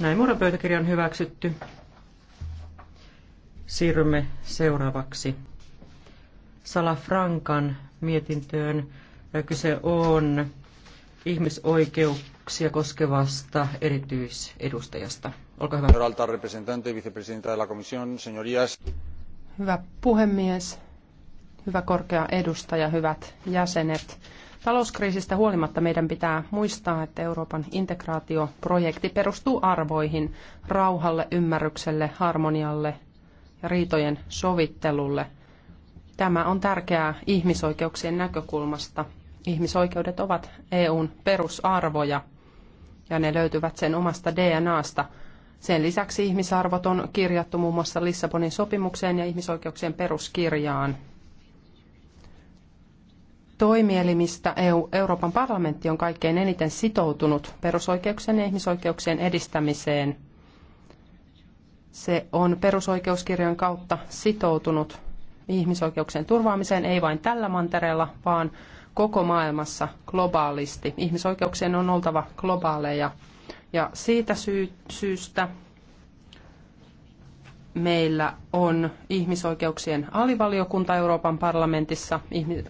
Näin muodon pöytäkirja on hyväksytty. Siirrymme seuraavaksi Salafrankan mietintöön. Kyse on ihmisoikeuksia koskevasta erityisedustajasta. Olkaa hyvä. Alta representante, vicepresidenta de la comisión, señorías. Hyvä puhemies, hyvä korkea edustaja, hyvät jäsenet. Talouskriisistä huolimatta meidän pitää muistaa, että Euroopan integraatioprojekti perustuu arvoihin, rauhalle, ymmärrykselle, harmonialle ja riitojen sovittelulle. Tämä on tärkeää ihmisoikeuksien näkökulmasta. Ihmisoikeudet ovat EUn perusarvoja ja ne löytyvät sen omasta DNAsta. Sen lisäksi ihmisarvot on kirjattu muun muassa Lissabonin sopimukseen ja ihmisoikeuksien peruskirjaan – toimielimistä EU, Euroopan parlamentti on kaikkein eniten sitoutunut perusoikeuksien ja ihmisoikeuksien edistämiseen. Se on perusoikeuskirjojen kautta sitoutunut ihmisoikeuksien turvaamiseen ei vain tällä mantereella, vaan koko maailmassa globaalisti. Ihmisoikeuksien on oltava globaaleja ja siitä syystä meillä on ihmisoikeuksien alivaliokunta Euroopan parlamentissa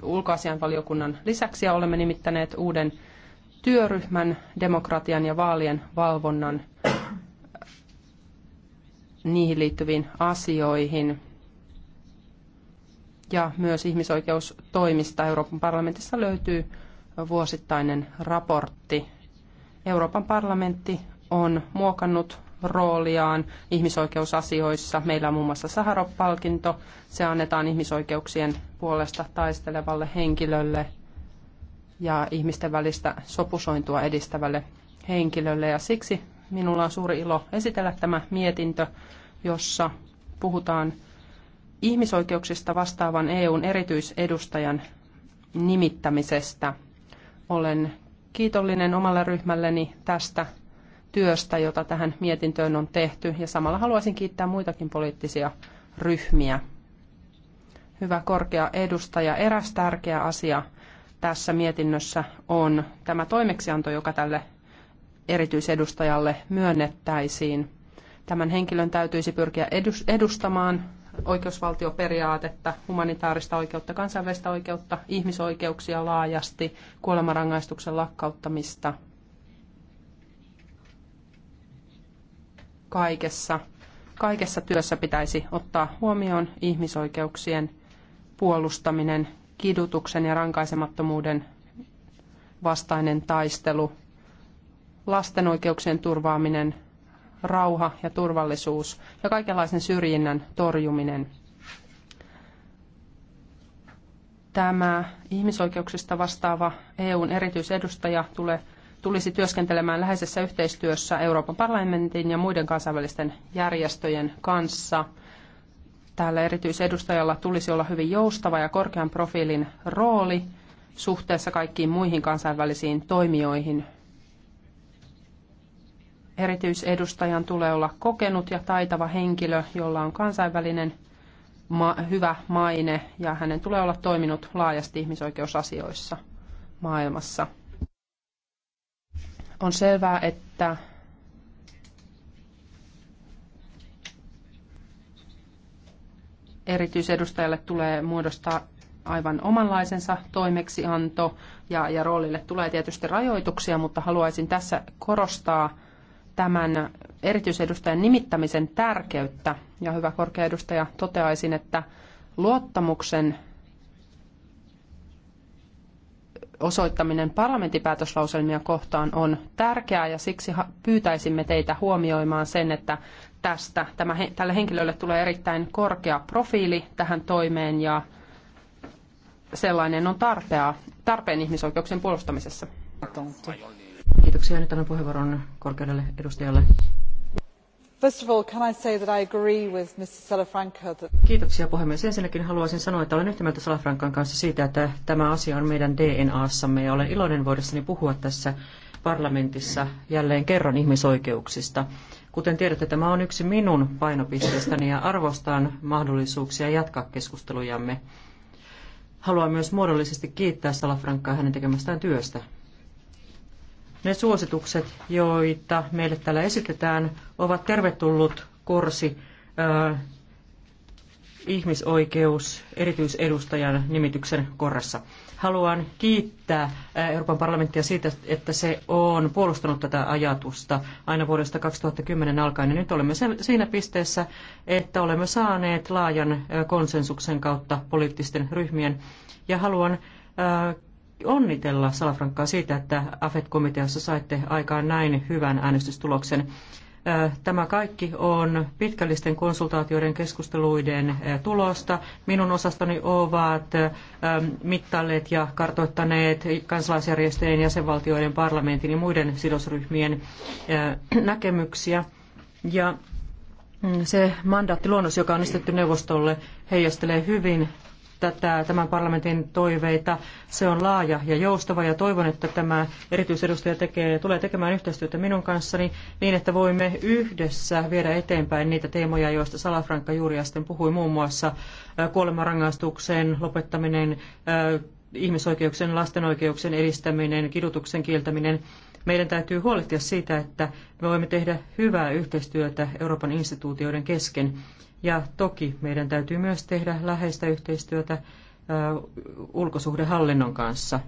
ulkoasianvaliokunnan lisäksi ja olemme nimittäneet uuden työryhmän demokratian ja vaalien valvonnan niihin liittyviin asioihin. Ja myös ihmisoikeustoimista Euroopan parlamentissa löytyy vuosittainen raportti. Euroopan parlamentti on muokannut rooliaan ihmisoikeusasioissa. Meillä on muun muassa Saharov-palkinto. Se annetaan ihmisoikeuksien puolesta taistelevalle henkilölle ja ihmisten välistä sopusointua edistävälle henkilölle. Ja siksi minulla on suuri ilo esitellä tämä mietintö, jossa puhutaan ihmisoikeuksista vastaavan EUn erityisedustajan nimittämisestä. Olen kiitollinen omalle ryhmälleni tästä työstä, jota tähän mietintöön on tehty. Ja samalla haluaisin kiittää muitakin poliittisia ryhmiä. Hyvä korkea edustaja, eräs tärkeä asia tässä mietinnössä on tämä toimeksianto, joka tälle erityisedustajalle myönnettäisiin. Tämän henkilön täytyisi pyrkiä edustamaan oikeusvaltioperiaatetta, humanitaarista oikeutta, kansainvälistä oikeutta, ihmisoikeuksia laajasti, kuolemanrangaistuksen lakkauttamista – kaikessa, kaikessa työssä pitäisi ottaa huomioon ihmisoikeuksien puolustaminen, kidutuksen ja rankaisemattomuuden vastainen taistelu, lasten oikeuksien turvaaminen, rauha ja turvallisuus ja kaikenlaisen syrjinnän torjuminen. Tämä ihmisoikeuksista vastaava EUn erityisedustaja tulee tulisi työskentelemään läheisessä yhteistyössä Euroopan parlamentin ja muiden kansainvälisten järjestöjen kanssa. Täällä erityisedustajalla tulisi olla hyvin joustava ja korkean profiilin rooli suhteessa kaikkiin muihin kansainvälisiin toimijoihin. Erityisedustajan tulee olla kokenut ja taitava henkilö, jolla on kansainvälinen ma- hyvä maine ja hänen tulee olla toiminut laajasti ihmisoikeusasioissa maailmassa – on selvää, että erityisedustajalle tulee muodostaa aivan omanlaisensa toimeksianto ja, ja roolille tulee tietysti rajoituksia, mutta haluaisin tässä korostaa tämän erityisedustajan nimittämisen tärkeyttä. Ja hyvä korkea edustaja, toteaisin, että luottamuksen osoittaminen parlamenttipäätöslauselmia kohtaan on tärkeää ja siksi pyytäisimme teitä huomioimaan sen, että tästä tämä, tälle henkilölle tulee erittäin korkea profiili tähän toimeen ja sellainen on tarpea, tarpeen ihmisoikeuksien puolustamisessa. Kiitoksia. Nyt annan puheenvuoron korkeudelle edustajalle. Kiitoksia puhemies. Ensinnäkin haluaisin sanoa, että olen yhtä mieltä Salafrankan kanssa siitä, että tämä asia on meidän DNAssamme ja olen iloinen voidessani puhua tässä parlamentissa jälleen kerran ihmisoikeuksista. Kuten tiedätte, tämä on yksi minun painopisteistäni ja arvostan mahdollisuuksia jatkaa keskustelujamme. Haluan myös muodollisesti kiittää Salafrankkaa hänen tekemästään työstä. Ne suositukset, joita meille täällä esitetään, ovat tervetullut korsi äh, ihmisoikeus erityisedustajan nimityksen korressa. Haluan kiittää Euroopan parlamenttia siitä, että se on puolustanut tätä ajatusta aina vuodesta 2010 alkaen. Ja nyt olemme siinä pisteessä, että olemme saaneet laajan konsensuksen kautta poliittisten ryhmien. Ja haluan onnitella Salafrankkaa siitä, että AFET-komiteassa saitte aikaan näin hyvän äänestystuloksen. Tämä kaikki on pitkällisten konsultaatioiden keskusteluiden tulosta. Minun osastoni ovat mittailleet ja kartoittaneet kansalaisjärjestöjen, jäsenvaltioiden, parlamentin ja muiden sidosryhmien näkemyksiä. Ja mm, se mandaattiluonnos, joka on istetty neuvostolle, heijastelee hyvin tätä, tämän parlamentin toiveita. Se on laaja ja joustava ja toivon, että tämä erityisedustaja tekee, tulee tekemään yhteistyötä minun kanssani niin, että voimme yhdessä viedä eteenpäin niitä teemoja, joista Salafranka juuri äsken puhui, muun muassa äh, kuolemanrangaistuksen lopettaminen, äh, ihmisoikeuksien, lasten oikeuksien edistäminen, kidutuksen kieltäminen. Meidän täytyy huolehtia siitä, että me voimme tehdä hyvää yhteistyötä Euroopan instituutioiden kesken ja toki meidän täytyy myös tehdä läheistä yhteistyötä ulkosuhdehallinnon kanssa.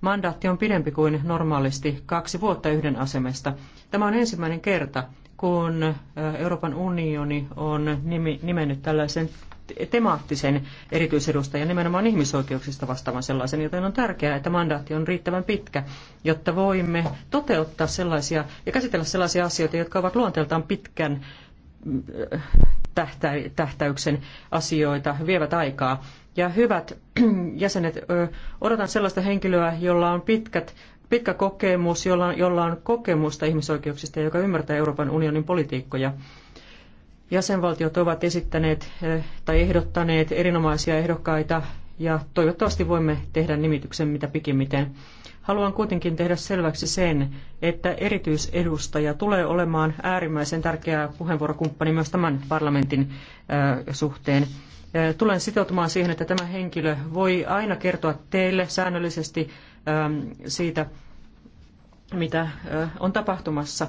Mandaatti on pidempi kuin normaalisti kaksi vuotta yhden asemesta. Tämä on ensimmäinen kerta, kun Euroopan unioni on nimennyt tällaisen temaattisen erityisedustajan nimenomaan ihmisoikeuksista vastaavan sellaisen, joten on tärkeää, että mandaatti on riittävän pitkä, jotta voimme toteuttaa sellaisia ja käsitellä sellaisia asioita, jotka ovat luonteeltaan pitkän tähtäyksen asioita, vievät aikaa. Ja hyvät jäsenet, odotan sellaista henkilöä, jolla on pitkät, pitkä kokemus, jolla, jolla on kokemusta ihmisoikeuksista ja joka ymmärtää Euroopan unionin politiikkoja. Jäsenvaltiot ovat esittäneet tai ehdottaneet erinomaisia ehdokkaita ja toivottavasti voimme tehdä nimityksen mitä pikimmiten. Haluan kuitenkin tehdä selväksi sen, että erityisedustaja tulee olemaan äärimmäisen tärkeä puheenvuorokumppani myös tämän parlamentin suhteen. Tulen sitoutumaan siihen, että tämä henkilö voi aina kertoa teille säännöllisesti siitä, mitä on tapahtumassa.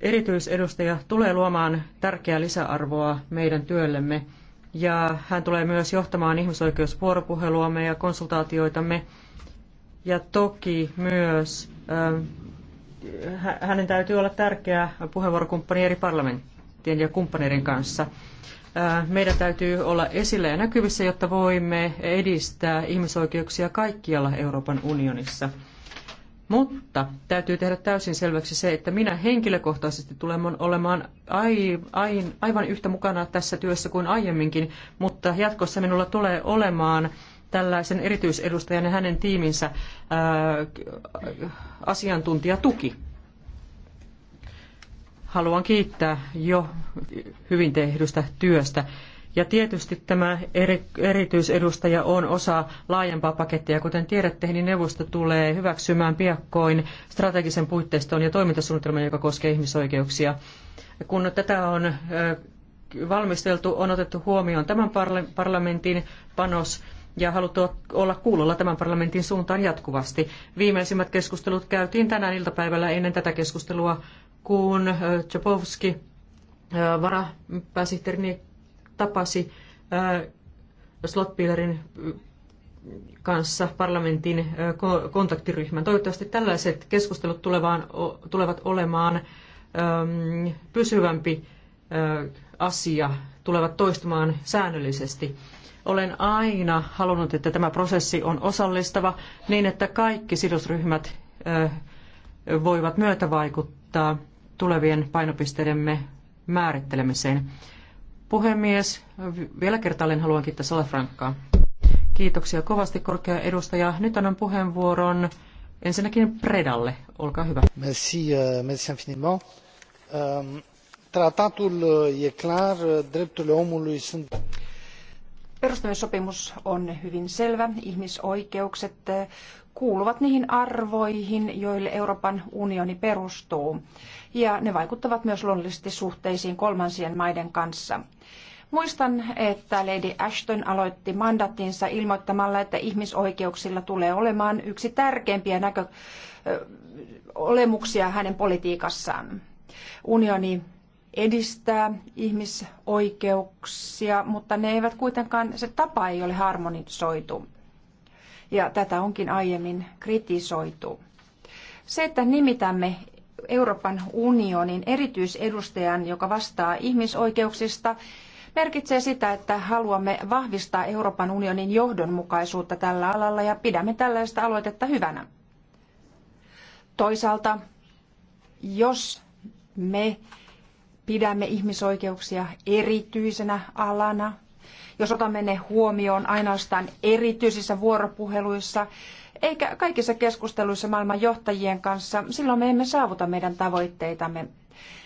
Erityisedustaja tulee luomaan tärkeää lisäarvoa meidän työllemme ja hän tulee myös johtamaan ihmisoikeusvuoropuheluamme ja konsultaatioitamme ja toki myös ähm, hänen täytyy olla tärkeä puheenvuorokumppani eri parlamenttien ja kumppaneiden kanssa. Äh, meidän täytyy olla esillä ja näkyvissä, jotta voimme edistää ihmisoikeuksia kaikkialla Euroopan unionissa. Mutta täytyy tehdä täysin selväksi se, että minä henkilökohtaisesti tulen olemaan aivan yhtä mukana tässä työssä kuin aiemminkin, mutta jatkossa minulla tulee olemaan tällaisen erityisedustajan ja hänen tiiminsä asiantuntijatuki. Haluan kiittää jo hyvin tehdystä työstä. Ja tietysti tämä eri, erityisedustaja on osa laajempaa pakettia. Kuten tiedätte, niin neuvosto tulee hyväksymään piakkoin strategisen puitteiston ja toimintasuunnitelman, joka koskee ihmisoikeuksia. Kun tätä on valmisteltu, on otettu huomioon tämän parlamentin panos ja haluttu olla kuulolla tämän parlamentin suuntaan jatkuvasti. Viimeisimmät keskustelut käytiin tänään iltapäivällä ennen tätä keskustelua, kun Chapovski, varapääsihteerini, tapasi Slotpielerin kanssa parlamentin kontaktiryhmän. Toivottavasti tällaiset keskustelut tulevat olemaan pysyvämpi asia, tulevat toistumaan säännöllisesti. Olen aina halunnut, että tämä prosessi on osallistava niin, että kaikki sidosryhmät voivat myötävaikuttaa tulevien painopisteidemme määrittelemiseen. Puhemies, vielä kertaalleen haluan kiittää Salafrankkaa. Kiitoksia kovasti korkea edustaja. Nyt annan puheenvuoron ensinnäkin Predalle. Olkaa hyvä. Merci, euh, merci infiniment. Euh, tratatul euh, e clar, drepturile omului sunt... Perustamissopimus on hyvin selvä. Ihmisoikeukset kuuluvat niihin arvoihin, joille Euroopan unioni perustuu, ja ne vaikuttavat myös luonnollisesti suhteisiin kolmansien maiden kanssa. Muistan, että Lady Ashton aloitti mandattinsa ilmoittamalla, että ihmisoikeuksilla tulee olemaan yksi tärkeimpiä näkö olemuksia hänen politiikassaan. Unioni edistää ihmisoikeuksia, mutta ne eivät kuitenkaan, se tapa ei ole harmonisoitu. Ja tätä onkin aiemmin kritisoitu. Se, että nimitämme Euroopan unionin erityisedustajan, joka vastaa ihmisoikeuksista, merkitsee sitä, että haluamme vahvistaa Euroopan unionin johdonmukaisuutta tällä alalla ja pidämme tällaista aloitetta hyvänä. Toisaalta, jos me pidämme ihmisoikeuksia erityisenä alana, jos otamme ne huomioon ainoastaan erityisissä vuoropuheluissa, eikä kaikissa keskusteluissa maailman johtajien kanssa, silloin me emme saavuta meidän tavoitteitamme.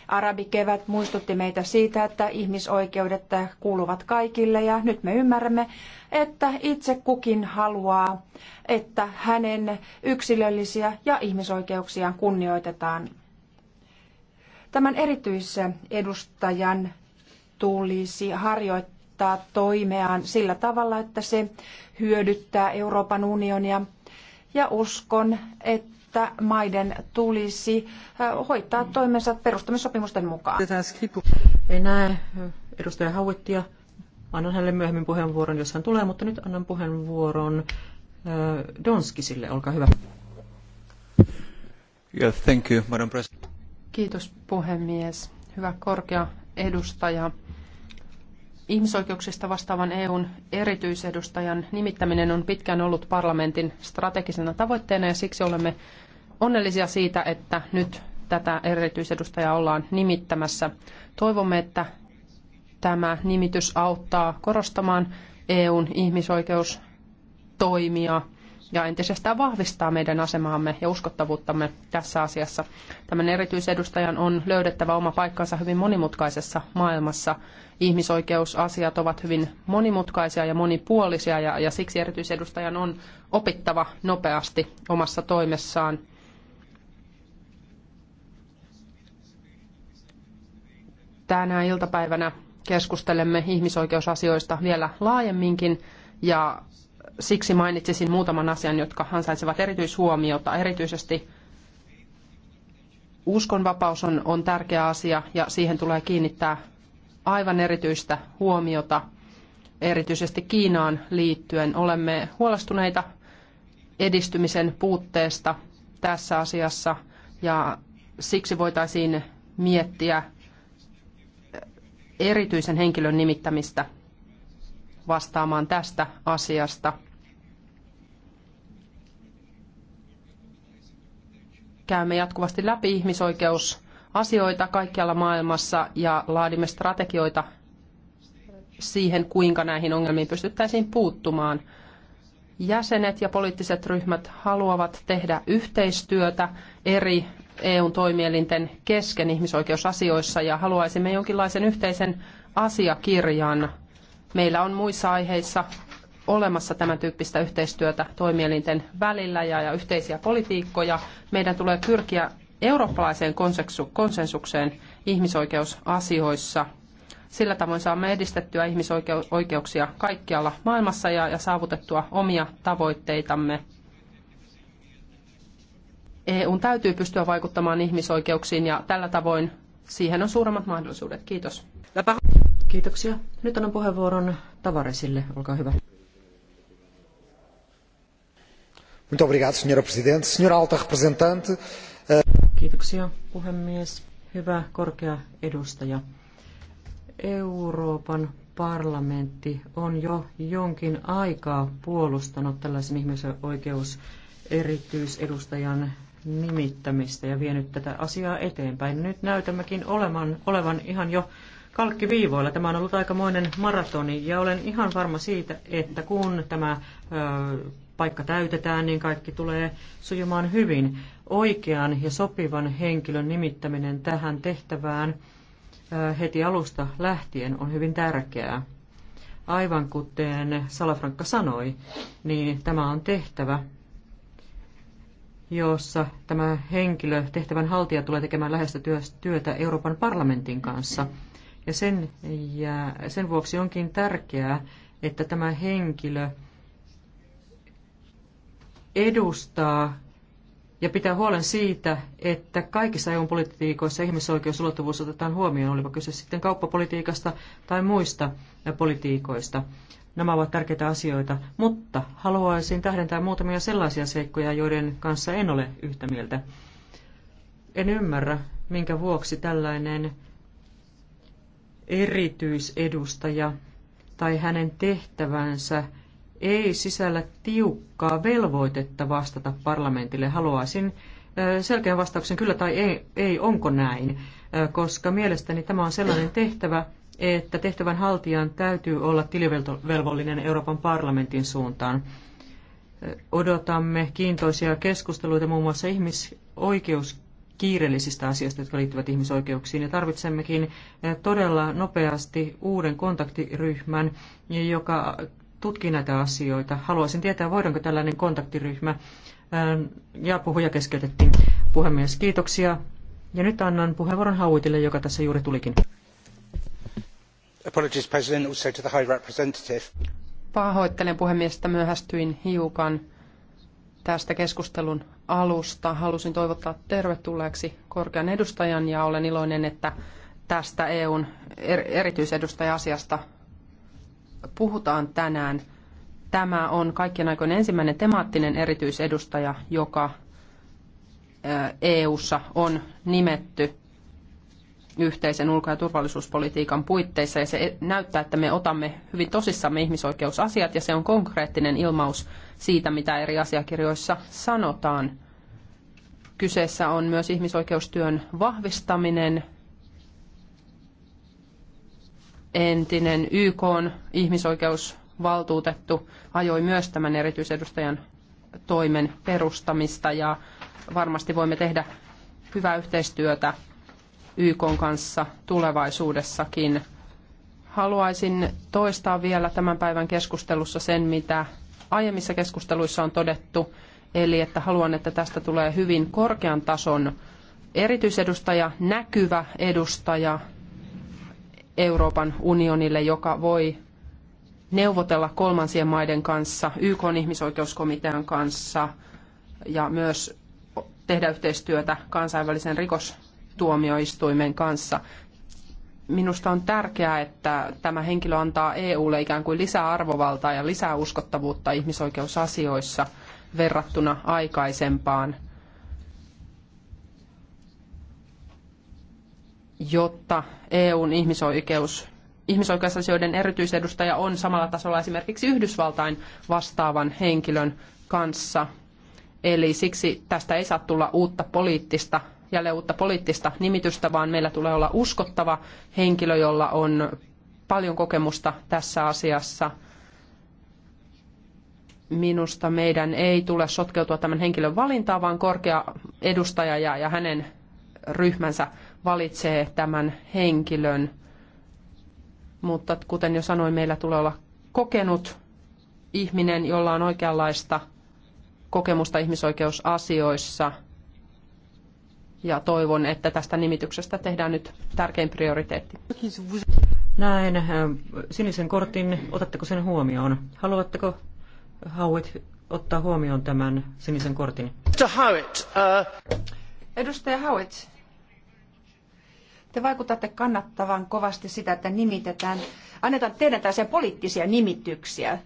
Arabikevät muistutti meitä siitä, että ihmisoikeudet kuuluvat kaikille ja nyt me ymmärrämme, että itse kukin haluaa, että hänen yksilöllisiä ja ihmisoikeuksiaan kunnioitetaan. Tämän erityisedustajan tulisi harjoittaa toimeaan sillä tavalla, että se hyödyttää Euroopan unionia. Ja uskon, että maiden tulisi äh, hoitaa toimensa perustamissopimusten mukaan. Ei näe edustaja Hauittia. Annan hänelle myöhemmin puheenvuoron, jos hän tulee, mutta nyt annan puheenvuoron äh, Donskisille. Olkaa hyvä. Yeah, thank you, Madam President. Kiitos puhemies. Hyvä korkea edustaja. Ihmisoikeuksista vastaavan EUn erityisedustajan nimittäminen on pitkään ollut parlamentin strategisena tavoitteena ja siksi olemme onnellisia siitä, että nyt tätä erityisedustajaa ollaan nimittämässä. Toivomme, että tämä nimitys auttaa korostamaan EUn ihmisoikeustoimia ja entisestään vahvistaa meidän asemaamme ja uskottavuuttamme tässä asiassa. Tämän erityisedustajan on löydettävä oma paikkansa hyvin monimutkaisessa maailmassa. Ihmisoikeusasiat ovat hyvin monimutkaisia ja monipuolisia ja, ja siksi erityisedustajan on opittava nopeasti omassa toimessaan. Tänä iltapäivänä keskustelemme ihmisoikeusasioista vielä laajemminkin ja siksi mainitsisin muutaman asian, jotka ansaitsevat erityishuomiota. Erityisesti uskonvapaus on, on tärkeä asia ja siihen tulee kiinnittää aivan erityistä huomiota. Erityisesti Kiinaan liittyen olemme huolestuneita edistymisen puutteesta tässä asiassa ja siksi voitaisiin miettiä erityisen henkilön nimittämistä vastaamaan tästä asiasta. Käymme jatkuvasti läpi ihmisoikeusasioita kaikkialla maailmassa ja laadimme strategioita siihen, kuinka näihin ongelmiin pystyttäisiin puuttumaan. Jäsenet ja poliittiset ryhmät haluavat tehdä yhteistyötä eri eu toimielinten kesken ihmisoikeusasioissa ja haluaisimme jonkinlaisen yhteisen asiakirjan Meillä on muissa aiheissa olemassa tämän tyyppistä yhteistyötä toimielinten välillä ja, ja yhteisiä politiikkoja. Meidän tulee pyrkiä eurooppalaiseen konsensukseen ihmisoikeusasioissa. Sillä tavoin saamme edistettyä ihmisoikeuksia kaikkialla maailmassa ja, ja saavutettua omia tavoitteitamme. EUn täytyy pystyä vaikuttamaan ihmisoikeuksiin ja tällä tavoin siihen on suuremmat mahdollisuudet. Kiitos. Kiitoksia. Nyt annan puheenvuoron Tavaresille. Olkaa hyvä. Muito obrigado, senhora presidente. Senhora alta representante. Eh, Kiitoksia, puhemies. Hyvä korkea edustaja. Euroopan parlamentti on jo jonkin aikaa puolustanut tällaisen ihmisoikeus erityisedustajan nimittämistä ja vienyt tätä asiaa eteenpäin. Nyt näytämmekin olevan, olevan ihan jo kalkkiviivoilla. Tämä on ollut aikamoinen maratoni ja olen ihan varma siitä, että kun tämä ö, paikka täytetään, niin kaikki tulee sujumaan hyvin. Oikean ja sopivan henkilön nimittäminen tähän tehtävään ö, heti alusta lähtien on hyvin tärkeää. Aivan kuten Salafrankka sanoi, niin tämä on tehtävä, jossa tämä henkilö, tehtävän haltija, tulee tekemään lähestä työtä Euroopan parlamentin kanssa. Ja sen, ja sen vuoksi onkin tärkeää, että tämä henkilö edustaa ja pitää huolen siitä, että kaikissa EUn politiikoissa ihmisoikeusulottuvuus otetaan huomioon, olipa kyse sitten kauppapolitiikasta tai muista politiikoista. Nämä ovat tärkeitä asioita, mutta haluaisin tähdentää muutamia sellaisia seikkoja, joiden kanssa en ole yhtä mieltä. En ymmärrä, minkä vuoksi tällainen erityisedustaja tai hänen tehtävänsä ei sisällä tiukkaa velvoitetta vastata parlamentille. Haluaisin selkeän vastauksen kyllä tai ei, ei onko näin, koska mielestäni tämä on sellainen tehtävä, että tehtävän haltijan täytyy olla tilivelvollinen Euroopan parlamentin suuntaan. Odotamme kiintoisia keskusteluita muun muassa ihmisoikeus kiireellisistä asioista, jotka liittyvät ihmisoikeuksiin. Ja tarvitsemmekin eh, todella nopeasti uuden kontaktiryhmän, joka tutkii näitä asioita. Haluaisin tietää, voidaanko tällainen kontaktiryhmä. Eh, ja puhuja keskeytettiin. Puhemies, kiitoksia. Ja nyt annan puheenvuoron Hauitille, joka tässä juuri tulikin. Apologies, President, also to the High Representative. Pahoittelen myöhästyin hiukan tästä keskustelun alusta. Halusin toivottaa tervetulleeksi korkean edustajan ja olen iloinen, että tästä EUn er-, erityisedustaja-asiasta puhutaan tänään. Tämä on kaikkien aikojen ensimmäinen temaattinen erityisedustaja, joka EUssa on nimetty yhteisen ulko- ja turvallisuuspolitiikan puitteissa ja se e-, näyttää, että me otamme hyvin tosissamme ihmisoikeusasiat ja se on konkreettinen ilmaus siitä, mitä eri asiakirjoissa sanotaan. Kyseessä on myös ihmisoikeustyön vahvistaminen, entinen YK ihmisoikeusvaltuutettu ajoi myös tämän erityisedustajan toimen perustamista ja varmasti voimme tehdä hyvää yhteistyötä YK kanssa tulevaisuudessakin. Haluaisin toistaa vielä tämän päivän keskustelussa sen, mitä aiemmissa keskusteluissa on todettu, eli että haluan, että tästä tulee hyvin korkean tason erityisedustaja, näkyvä edustaja Euroopan unionille, joka voi neuvotella kolmansien maiden kanssa, YK ihmisoikeuskomitean kanssa ja myös tehdä yhteistyötä kansainvälisen rikostuomioistuimen kanssa. Minusta on tärkeää, että tämä henkilö antaa EUlle ikään kuin lisää arvovaltaa ja lisää uskottavuutta ihmisoikeusasioissa verrattuna aikaisempaan, jotta EUn ihmisoikeus ihmisoikeusasioiden erityisedustaja on samalla tasolla esimerkiksi Yhdysvaltain vastaavan henkilön kanssa. Eli siksi tästä ei saa tulla uutta poliittista jälleen uutta poliittista nimitystä, vaan meillä tulee olla uskottava henkilö, jolla on paljon kokemusta tässä asiassa. Minusta meidän ei tule sotkeutua tämän henkilön valintaan, vaan korkea edustaja ja, ja hänen ryhmänsä valitsee tämän henkilön. Mutta kuten jo sanoin, meillä tulee olla kokenut ihminen, jolla on oikeanlaista kokemusta ihmisoikeusasioissa – ja toivon, että tästä nimityksestä tehdään nyt tärkein prioriteetti. Näin äh, sinisen kortin, otatteko sen huomioon? Haluatteko Howitt ottaa huomioon tämän sinisen kortin? Howitt, uh... Edustaja Howitt, te vaikutatte kannattavan kovasti sitä, että nimitetään, annetaan teidän tällaisia poliittisia nimityksiä.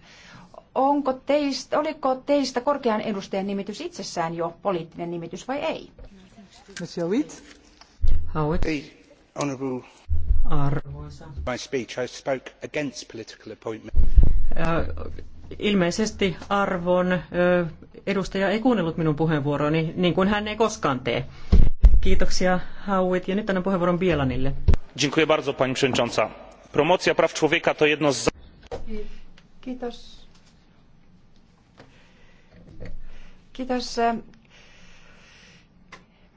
Onko teistä, oliko teistä korkean edustajan nimitys itsessään jo poliittinen nimitys vai ei? Howitt. Arvoisa. My Ilmeisesti arvon edustaja ei kuunnellut minun puheenvuoroni, niin kuin hän ei koskaan tee. Kiitoksia, Howitt. Ja nyt annan puheenvuoron Bielanille. Dziękuję bardzo, pani Promocja praw człowieka to jedno z... Kiitos. Kiitos. E,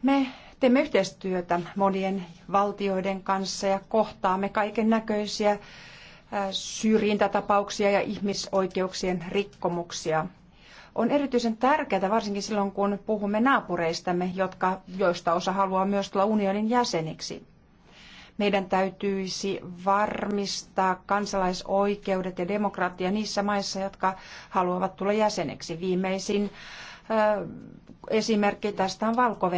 me teemme yhteistyötä monien valtioiden kanssa ja kohtaamme kaiken näköisiä äh, syrjintätapauksia ja ihmisoikeuksien rikkomuksia. On erityisen tärkeää, varsinkin silloin kun puhumme naapureistamme, jotka, joista osa haluaa myös tulla unionin jäseniksi. Meidän täytyisi varmistaa kansalaisoikeudet ja demokratia niissä maissa, jotka haluavat tulla jäseneksi. Viimeisin Esimerkki tästä on valko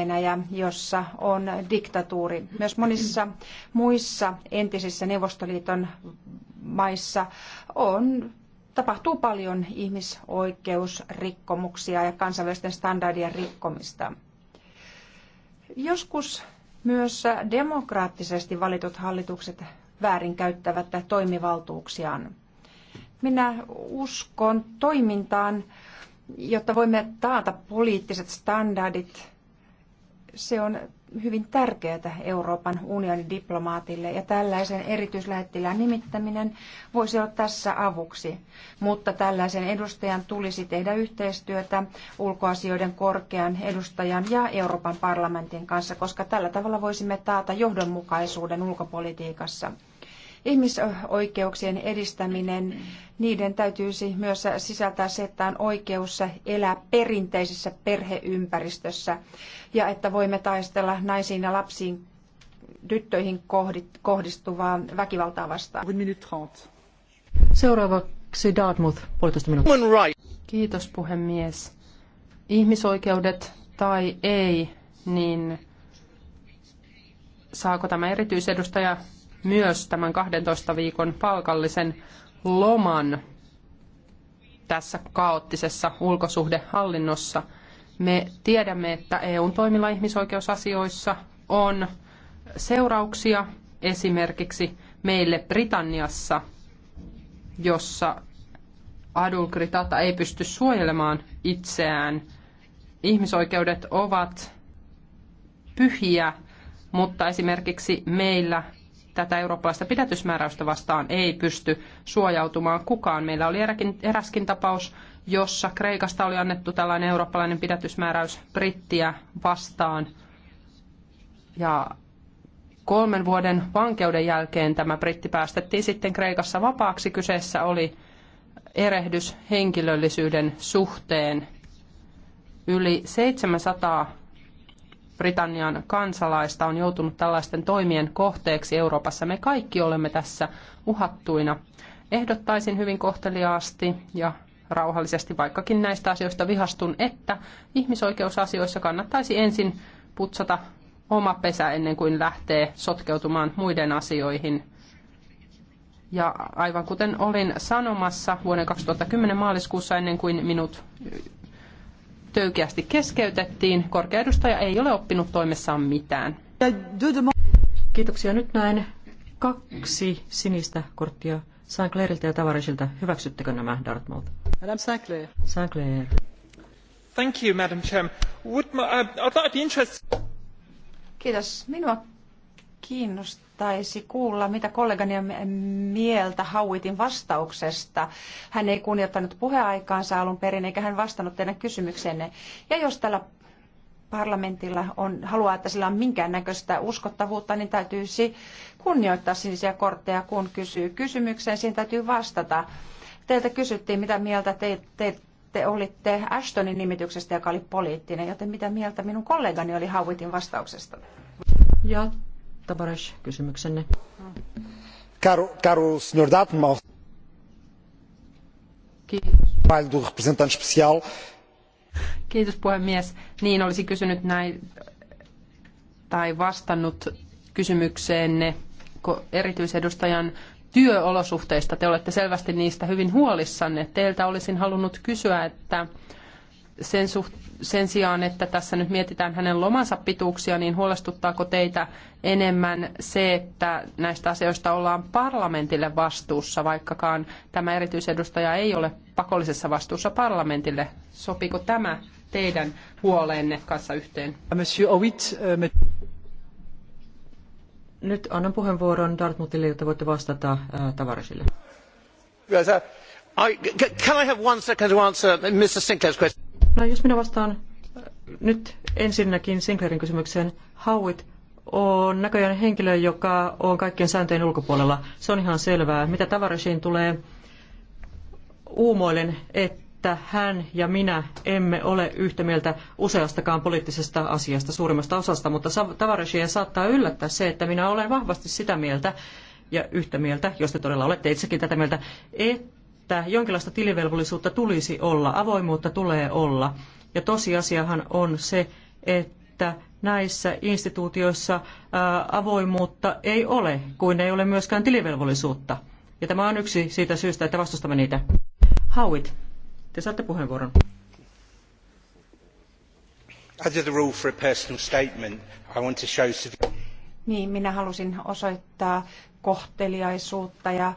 jossa on diktatuuri. Myös monissa muissa entisissä Neuvostoliiton maissa on tapahtuu paljon ihmisoikeusrikkomuksia ja kansainvälisten standardien rikkomista. Joskus myös demokraattisesti valitut hallitukset väärinkäyttävät toimivaltuuksiaan. Minä uskon toimintaan, jotta voimme taata poliittiset standardit, se on hyvin tärkeää Euroopan unionin diplomaatille ja tällaisen erityislähettilään nimittäminen voisi olla tässä avuksi, mutta tällaisen edustajan tulisi tehdä yhteistyötä ulkoasioiden korkean edustajan ja Euroopan parlamentin kanssa, koska tällä tavalla voisimme taata johdonmukaisuuden ulkopolitiikassa. Ihmisoikeuksien edistäminen, niiden täytyisi myös sisältää se, että on oikeus elää perinteisessä perheympäristössä ja että voimme taistella naisiin ja lapsiin tyttöihin kohdistuvaa väkivaltaa vastaan. Seuraavaksi Dartmouth, puolitoista minuuttia. Kiitos puhemies. Ihmisoikeudet tai ei, niin saako tämä erityisedustaja myös tämän 12 viikon palkallisen loman tässä kaoottisessa ulkosuhdehallinnossa. Me tiedämme, että EUn toimilla ihmisoikeusasioissa on seurauksia esimerkiksi meille Britanniassa, jossa Gritata ei pysty suojelemaan itseään. Ihmisoikeudet ovat pyhiä, mutta esimerkiksi meillä tätä eurooppalaista pidätysmääräystä vastaan ei pysty suojautumaan kukaan. Meillä oli eräkin, eräskin tapaus, jossa Kreikasta oli annettu tällainen eurooppalainen pidätysmääräys brittiä vastaan. Ja kolmen vuoden vankeuden jälkeen tämä britti päästettiin sitten Kreikassa vapaaksi. Kyseessä oli erehdys henkilöllisyyden suhteen. Yli 700 Britannian kansalaista on joutunut tällaisten toimien kohteeksi Euroopassa. Me kaikki olemme tässä uhattuina. Ehdottaisin hyvin kohteliaasti ja rauhallisesti, vaikkakin näistä asioista vihastun, että ihmisoikeusasioissa kannattaisi ensin putsata oma pesä ennen kuin lähtee sotkeutumaan muiden asioihin. Ja aivan kuten olin sanomassa vuoden 2010 maaliskuussa ennen kuin minut töykeästi keskeytettiin. Korkea edustaja ei ole oppinut toimessaan mitään. Kiitoksia. Nyt näen kaksi sinistä korttia Sanklerilta ja Tavarisilta. Hyväksyttekö nämä Dartmouth? Madame Sinclair. Sinclair. Thank you, Madam Chair. Would my, uh, I'd like to be interested... Kiitos. Minua kiinnostaisi kuulla, mitä kollegani mieltä Hauitin vastauksesta. Hän ei kunnioittanut puheaikaansa alun perin, eikä hän vastannut teidän kysymyksenne. Ja jos tällä parlamentilla on, haluaa, että sillä on minkäännäköistä uskottavuutta, niin täytyisi kunnioittaa sinisiä kortteja, kun kysyy kysymykseen. Siihen täytyy vastata. Teiltä kysyttiin, mitä mieltä te, te, te olitte Ashtonin nimityksestä, joka oli poliittinen, joten mitä mieltä minun kollegani oli Hauitin vastauksesta? Ja Tavares, kysymyksenne. Caro, caro senhor Datmo, Kiitos. Kiitos puhemies. Niin olisi kysynyt näin tai vastannut kysymykseenne erityisedustajan työolosuhteista. Te olette selvästi niistä hyvin huolissanne. Teiltä olisin halunnut kysyä, että sen suhteen, sen sijaan, että tässä nyt mietitään hänen lomansa pituuksia, niin huolestuttaako teitä enemmän se, että näistä asioista ollaan parlamentille vastuussa, vaikkakaan tämä erityisedustaja ei ole pakollisessa vastuussa parlamentille? Sopiiko tämä teidän huoleenne kanssa yhteen? Monsieur Owit, euh, nyt annan puheenvuoron Dartmouthille, jotta voitte vastata äh, tavarisille. Yes, uh, I, can I have one second to answer Mr. Sinclair's question? No jos minä vastaan äh, nyt ensinnäkin Sinclairin kysymykseen. Howit on näköjään henkilö, joka on kaikkien sääntöjen ulkopuolella. Se on ihan selvää. Mitä tavarisiin tulee, uumoilen, että hän ja minä emme ole yhtä mieltä useastakaan poliittisesta asiasta, suurimmasta osasta, mutta tavarisia saattaa yllättää se, että minä olen vahvasti sitä mieltä, ja yhtä mieltä, jos te todella olette itsekin tätä mieltä, että että jonkinlaista tilivelvollisuutta tulisi olla, avoimuutta tulee olla. Ja tosiasiahan on se, että näissä instituutioissa avoimuutta ei ole, kuin ei ole myöskään tilivelvollisuutta. Ja tämä on yksi siitä syystä, että vastustamme niitä. Hauit, te saatte puheenvuoron. Under the rule for a personal statement, I want to show niin, minä halusin osoittaa kohteliaisuutta ja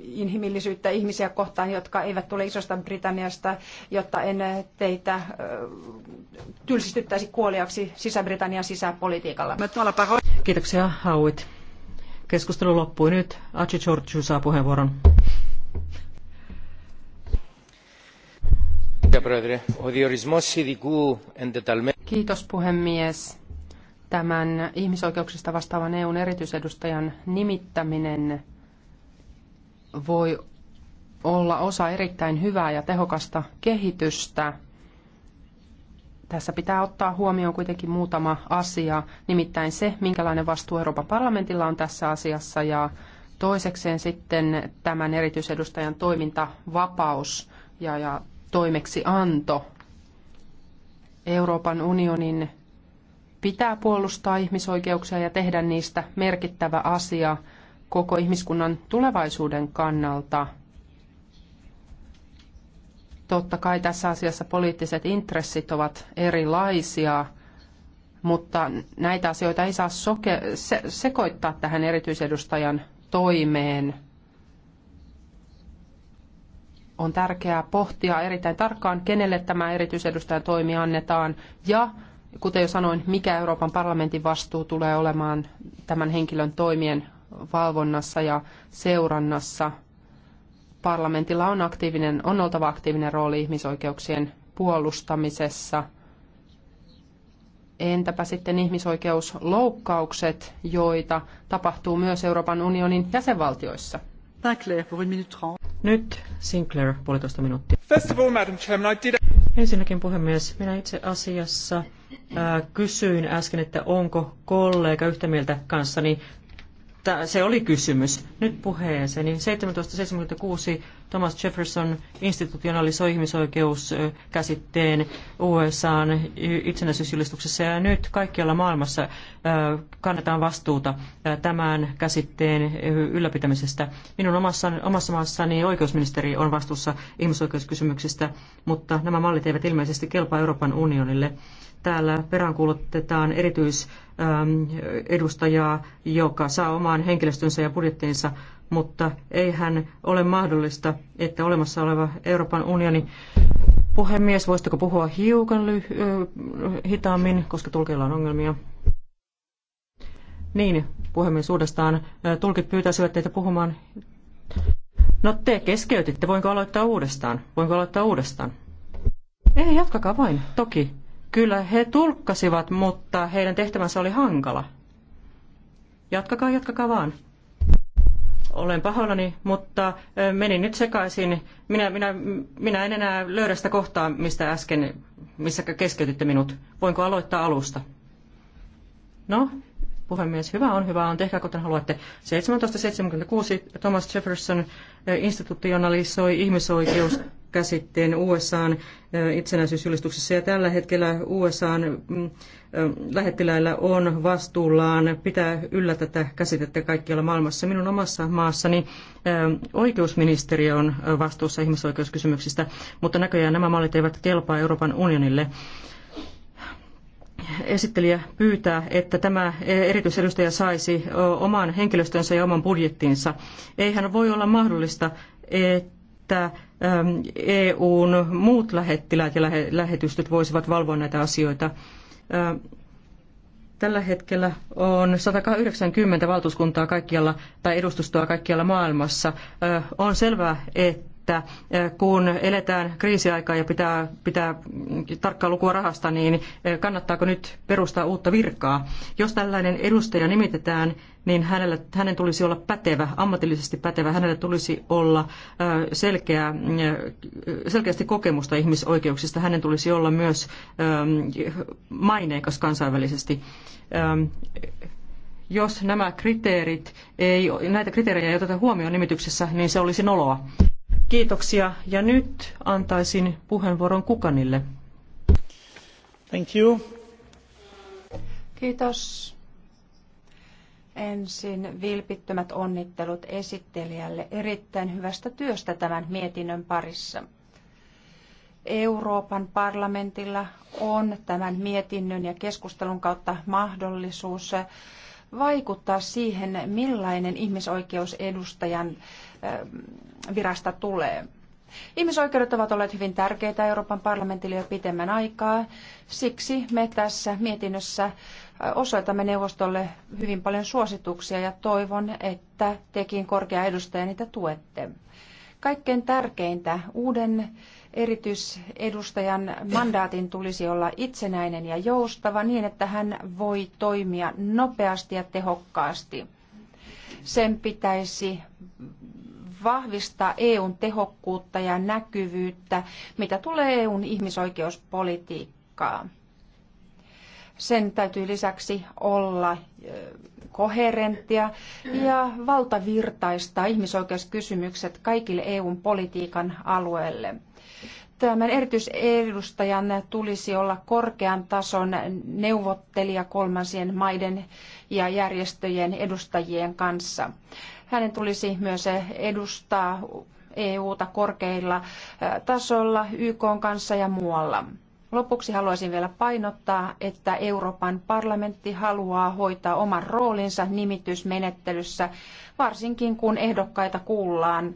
inhimillisyyttä ihmisiä kohtaan, jotka eivät tule isosta Britanniasta, jotta en eh, teitä eh, tylsistyttäisi kuoliaksi Sisä-Britannian sisäpolitiikalla. Kiitoksia, Hauit. Keskustelu loppui nyt. Achi Georgiou saa puheenvuoron. Kiitos puhemies. Tämän ihmisoikeuksista vastaavan EUn erityisedustajan nimittäminen voi olla osa erittäin hyvää ja tehokasta kehitystä. Tässä pitää ottaa huomioon kuitenkin muutama asia, nimittäin se, minkälainen vastuu Euroopan parlamentilla on tässä asiassa ja toisekseen sitten tämän erityisedustajan toimintavapaus ja, ja toimeksianto. Euroopan unionin pitää puolustaa ihmisoikeuksia ja tehdä niistä merkittävä asia koko ihmiskunnan tulevaisuuden kannalta. Totta kai tässä asiassa poliittiset intressit ovat erilaisia, mutta näitä asioita ei saa soke- se- sekoittaa tähän erityisedustajan toimeen. On tärkeää pohtia erittäin tarkkaan, kenelle tämä erityisedustajan toimi annetaan ja kuten jo sanoin, mikä Euroopan parlamentin vastuu tulee olemaan tämän henkilön toimien valvonnassa ja seurannassa. Parlamentilla on, aktiivinen, on oltava aktiivinen rooli ihmisoikeuksien puolustamisessa. Entäpä sitten ihmisoikeusloukkaukset, joita tapahtuu myös Euroopan unionin jäsenvaltioissa? Nyt Sinclair, puolitoista minuuttia. Ensinnäkin puhemies, minä itse asiassa äh, kysyin äsken, että onko kollega yhtä mieltä kanssani se oli kysymys. Nyt puheeseeni. 1776 Thomas Jefferson institutionalisoi ihmisoikeuskäsitteen USAn itsenäisyysjulistuksessa ja nyt kaikkialla maailmassa kannetaan vastuuta tämän käsitteen ylläpitämisestä. Minun omassa, omassa maassani oikeusministeri on vastuussa ihmisoikeuskysymyksistä, mutta nämä mallit eivät ilmeisesti kelpaa Euroopan unionille täällä peräänkuulutetaan erityisedustajaa, joka saa omaan henkilöstönsä ja budjettinsa, mutta eihän ole mahdollista, että olemassa oleva Euroopan unioni Puhemies, voisitteko puhua hiukan ly- hitaammin, koska tulkeilla on ongelmia? Niin, puhemies uudestaan. Tulkit pyytäisivät teitä puhumaan. No te keskeytitte, voinko aloittaa uudestaan? Voinko aloittaa uudestaan? Ei, jatkakaa vain, toki. Kyllä he tulkkasivat, mutta heidän tehtävänsä oli hankala. Jatkakaa, jatkakaa vaan. Olen pahoillani, mutta menin nyt sekaisin. Minä, minä, minä en enää löydä sitä kohtaa, mistä äsken, missä keskeytitte minut. Voinko aloittaa alusta? No, puhemies, hyvä on, hyvä on, tehkää kuten haluatte. 1776 Thomas Jefferson instituutionalisoi ihmisoikeus käsitteen USAn itsenäisyysjulistuksessa. Ja tällä hetkellä USAn mm, lähettiläillä on vastuullaan pitää yllä tätä käsitettä kaikkialla maailmassa. Minun omassa maassani oikeusministeriö on vastuussa ihmisoikeuskysymyksistä, mutta näköjään nämä mallit eivät kelpaa Euroopan unionille esittelijä pyytää, että tämä erityisedustaja saisi oman henkilöstönsä ja oman budjettinsa. Eihän voi olla mahdollista, että että ähm, EUn muut lähettiläät ja lähetystöt voisivat valvoa näitä asioita. Ähm, tällä hetkellä on 190 valtuuskuntaa kaikkialla tai edustustoa kaikkialla maailmassa. Äh, on selvää, että että eh, kun eletään kriisiaikaa ja pitää, pitää tarkkaa lukua rahasta, niin eh, kannattaako nyt perustaa uutta virkaa? Jos tällainen edustaja nimitetään, niin hänellä, hänen tulisi olla pätevä, ammatillisesti pätevä, hänellä tulisi olla eh, selkeä, selkeästi kokemusta ihmisoikeuksista, hänen tulisi olla myös maineikas kansainvälisesti jos nämä kriteerit ei, näitä kriteerejä ei oteta huomioon nimityksessä, niin se olisi noloa. Kiitoksia ja nyt antaisin puheenvuoron Kukanille. Thank you. Kiitos. Ensin vilpittömät onnittelut esittelijälle erittäin hyvästä työstä tämän mietinnön parissa. Euroopan parlamentilla on tämän mietinnön ja keskustelun kautta mahdollisuus vaikuttaa siihen, millainen ihmisoikeusedustajan Ähm, virasta tulee. Ihmisoikeudet ovat olleet hyvin tärkeitä Euroopan parlamentille jo pitemmän aikaa. Siksi me tässä mietinnössä äh, osoitamme neuvostolle hyvin paljon suosituksia ja toivon, että tekin korkea edustaja niitä tuette. Kaikkein tärkeintä uuden erityisedustajan mandaatin tulisi olla itsenäinen ja joustava niin, että hän voi toimia nopeasti ja tehokkaasti. Sen pitäisi vahvistaa EUn tehokkuutta ja näkyvyyttä, mitä tulee EUn ihmisoikeuspolitiikkaan. Sen täytyy lisäksi olla koherenttia ja valtavirtaistaa ihmisoikeuskysymykset kaikille EUn politiikan alueelle tämän erityisedustajan tulisi olla korkean tason neuvottelija kolmansien maiden ja järjestöjen edustajien kanssa. Hänen tulisi myös edustaa EU-ta korkeilla tasolla YK kanssa ja muualla. Lopuksi haluaisin vielä painottaa, että Euroopan parlamentti haluaa hoitaa oman roolinsa nimitysmenettelyssä, varsinkin kun ehdokkaita kuullaan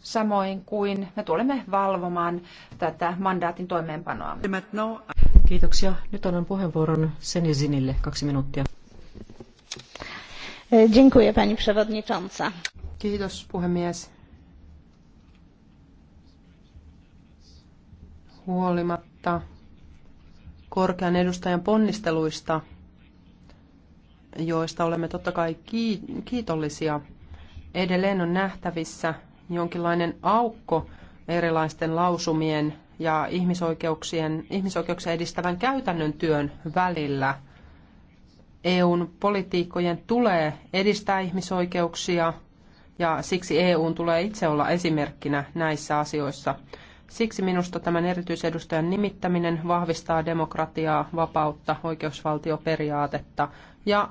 samoin kuin me tulemme valvomaan tätä mandaatin toimeenpanoa. Kiitoksia. Nyt annan puheenvuoron Senizinille kaksi minuuttia. E, dziękuję pani przewodnicząca. Kiitos puhemies. Huolimatta korkean edustajan ponnisteluista, joista olemme totta kai kiitollisia, edelleen on nähtävissä – jonkinlainen aukko erilaisten lausumien ja ihmisoikeuksien, ihmisoikeuksien edistävän käytännön työn välillä. EUn politiikkojen tulee edistää ihmisoikeuksia ja siksi EUn tulee itse olla esimerkkinä näissä asioissa. Siksi minusta tämän erityisedustajan nimittäminen vahvistaa demokratiaa, vapautta, oikeusvaltioperiaatetta ja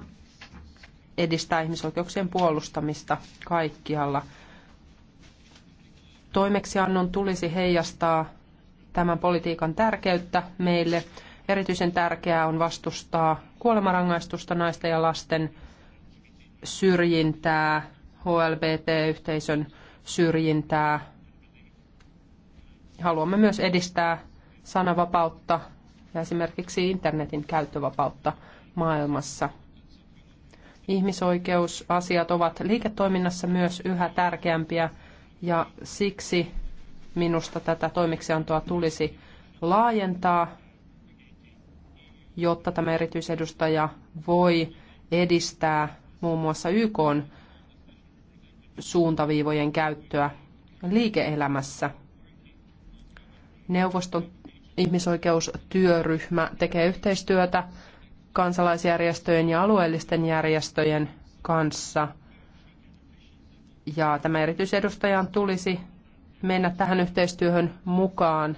edistää ihmisoikeuksien puolustamista kaikkialla – Toimeksiannon tulisi heijastaa tämän politiikan tärkeyttä meille. Erityisen tärkeää on vastustaa kuolemarangaistusta naisten ja lasten syrjintää, HLBT-yhteisön syrjintää. Haluamme myös edistää sananvapautta ja esimerkiksi internetin käyttövapautta maailmassa. Ihmisoikeusasiat ovat liiketoiminnassa myös yhä tärkeämpiä ja siksi minusta tätä toimeksiantoa tulisi laajentaa, jotta tämä erityisedustaja voi edistää muun muassa YK suuntaviivojen käyttöä liike-elämässä. Neuvoston ihmisoikeustyöryhmä tekee yhteistyötä kansalaisjärjestöjen ja alueellisten järjestöjen kanssa – ja tämä erityisedustajan tulisi mennä tähän yhteistyöhön mukaan.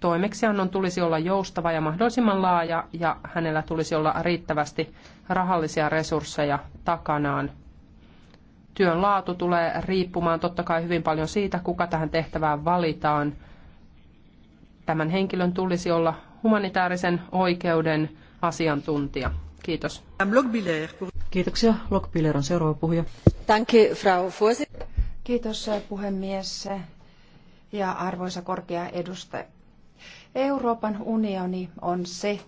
Toimeksiannon tulisi olla joustava ja mahdollisimman laaja ja hänellä tulisi olla riittävästi rahallisia resursseja takanaan. Työn laatu tulee riippumaan totta kai hyvin paljon siitä, kuka tähän tehtävään valitaan. Tämän henkilön tulisi olla humanitaarisen oikeuden asiantuntija. Kiitos. Kiitoksia. Lokpiler on seuraava puhuja. Danke, Frau Kiitos puhemies ja arvoisa korkea edustaja. Euroopan unioni on se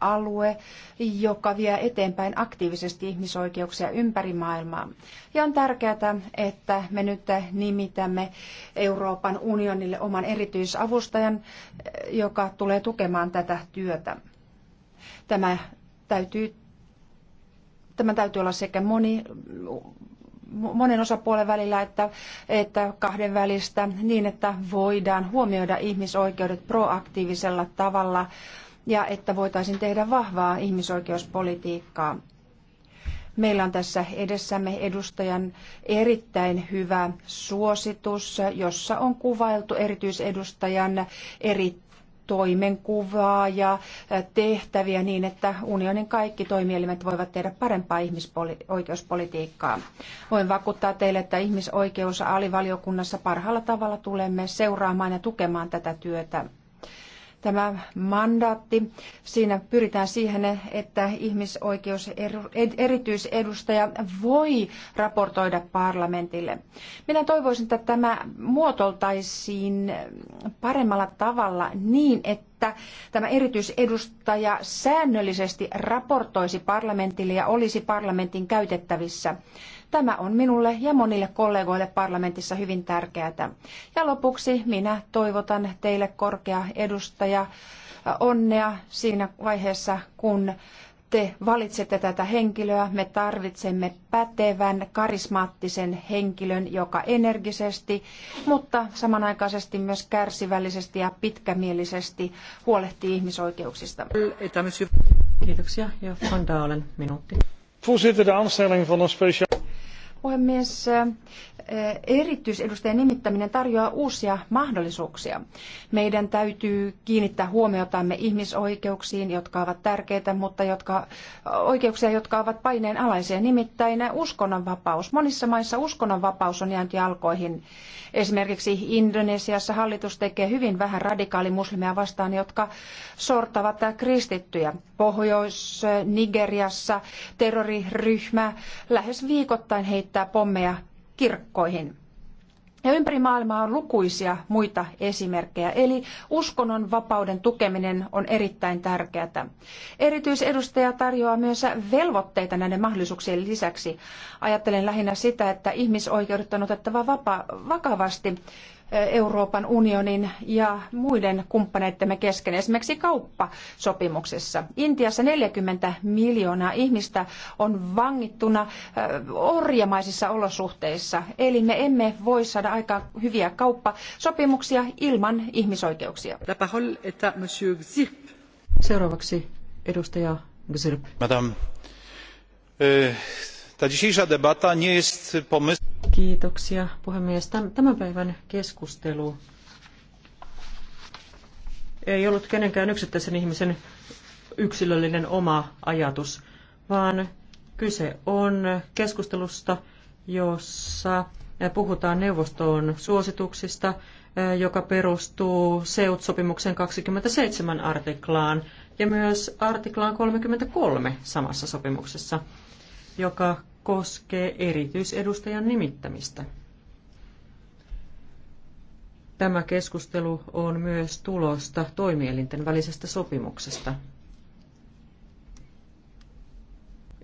alue, joka vie eteenpäin aktiivisesti ihmisoikeuksia ympäri maailmaa. Ja on tärkeää, että me nyt nimitämme Euroopan unionille oman erityisavustajan, joka tulee tukemaan tätä työtä. Tämä täytyy Tämä täytyy olla sekä moni, monen osapuolen välillä että, että kahden välistä niin, että voidaan huomioida ihmisoikeudet proaktiivisella tavalla ja että voitaisiin tehdä vahvaa ihmisoikeuspolitiikkaa. Meillä on tässä edessämme edustajan erittäin hyvä suositus, jossa on kuvailtu erityisedustajan eri toimenkuvaa ja tehtäviä niin, että unionin kaikki toimielimet voivat tehdä parempaa ihmisoikeuspolitiikkaa. Voin vakuuttaa teille, että ihmisoikeus alivaliokunnassa parhaalla tavalla tulemme seuraamaan ja tukemaan tätä työtä Tämä mandaatti, siinä pyritään siihen, että ihmisoikeus erityisedustaja voi raportoida parlamentille. Minä toivoisin, että tämä muotoiltaisiin paremmalla tavalla niin, että tämä erityisedustaja säännöllisesti raportoisi parlamentille ja olisi parlamentin käytettävissä. Tämä on minulle ja monille kollegoille parlamentissa hyvin tärkeää. Ja lopuksi minä toivotan teille korkea edustaja onnea siinä vaiheessa, kun te valitsette tätä henkilöä, me tarvitsemme pätevän, karismaattisen henkilön, joka energisesti, mutta samanaikaisesti myös kärsivällisesti ja pitkämielisesti huolehtii ihmisoikeuksista. Kiitoksia. Ja Van minuutti. Voorzitter, de aanstelling van een speciaal puhemies. Äh, erityisedustajan nimittäminen tarjoaa uusia mahdollisuuksia. Meidän täytyy kiinnittää huomiotamme ihmisoikeuksiin, jotka ovat tärkeitä, mutta jotka, äh, oikeuksia, jotka ovat paineen alaisia. Nimittäin uskonnonvapaus. Monissa maissa uskonnonvapaus on jäänyt jalkoihin. Esimerkiksi Indonesiassa hallitus tekee hyvin vähän radikaalimuslimeja vastaan, jotka sortavat kristittyjä. Pohjois-Nigeriassa terroriryhmä lähes viikoittain heittää heittää pommeja kirkkoihin. Ja ympäri maailmaa on lukuisia muita esimerkkejä, eli uskonnon vapauden tukeminen on erittäin tärkeää. Erityisedustaja tarjoaa myös velvoitteita näiden mahdollisuuksien lisäksi. Ajattelen lähinnä sitä, että ihmisoikeudet on otettava vakavasti, Euroopan unionin ja muiden kumppaneittemme kesken, esimerkiksi kauppasopimuksessa. Intiassa 40 miljoonaa ihmistä on vangittuna orjamaisissa olosuhteissa, eli me emme voi saada aikaan hyviä kauppasopimuksia ilman ihmisoikeuksia. monsieur Seuraavaksi edustaja Gzirp. Madame, euh, ta dzisiejsza debata nie jest pomysłem. Kiitoksia puhemies. Tämän päivän keskustelu ei ollut kenenkään yksittäisen ihmisen yksilöllinen oma ajatus, vaan kyse on keskustelusta, jossa puhutaan neuvoston suosituksista, joka perustuu SEUT-sopimuksen 27 artiklaan ja myös artiklaan 33 samassa sopimuksessa – joka koskee erityisedustajan nimittämistä. Tämä keskustelu on myös tulosta toimielinten välisestä sopimuksesta.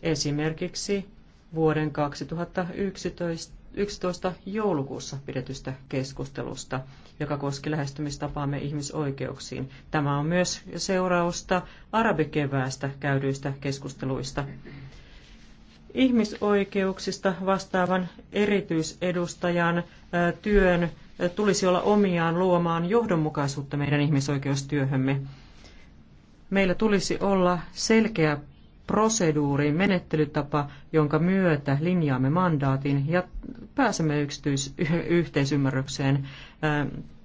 Esimerkiksi vuoden 2011 11. joulukuussa pidetystä keskustelusta, joka koski lähestymistapaamme ihmisoikeuksiin. Tämä on myös seurausta arabikeväästä käydyistä keskusteluista. Ihmisoikeuksista vastaavan erityisedustajan työn tulisi olla omiaan luomaan johdonmukaisuutta meidän ihmisoikeustyöhömme. Meillä tulisi olla selkeä proseduuri, menettelytapa, jonka myötä linjaamme mandaatin ja pääsemme yhteisymmärrykseen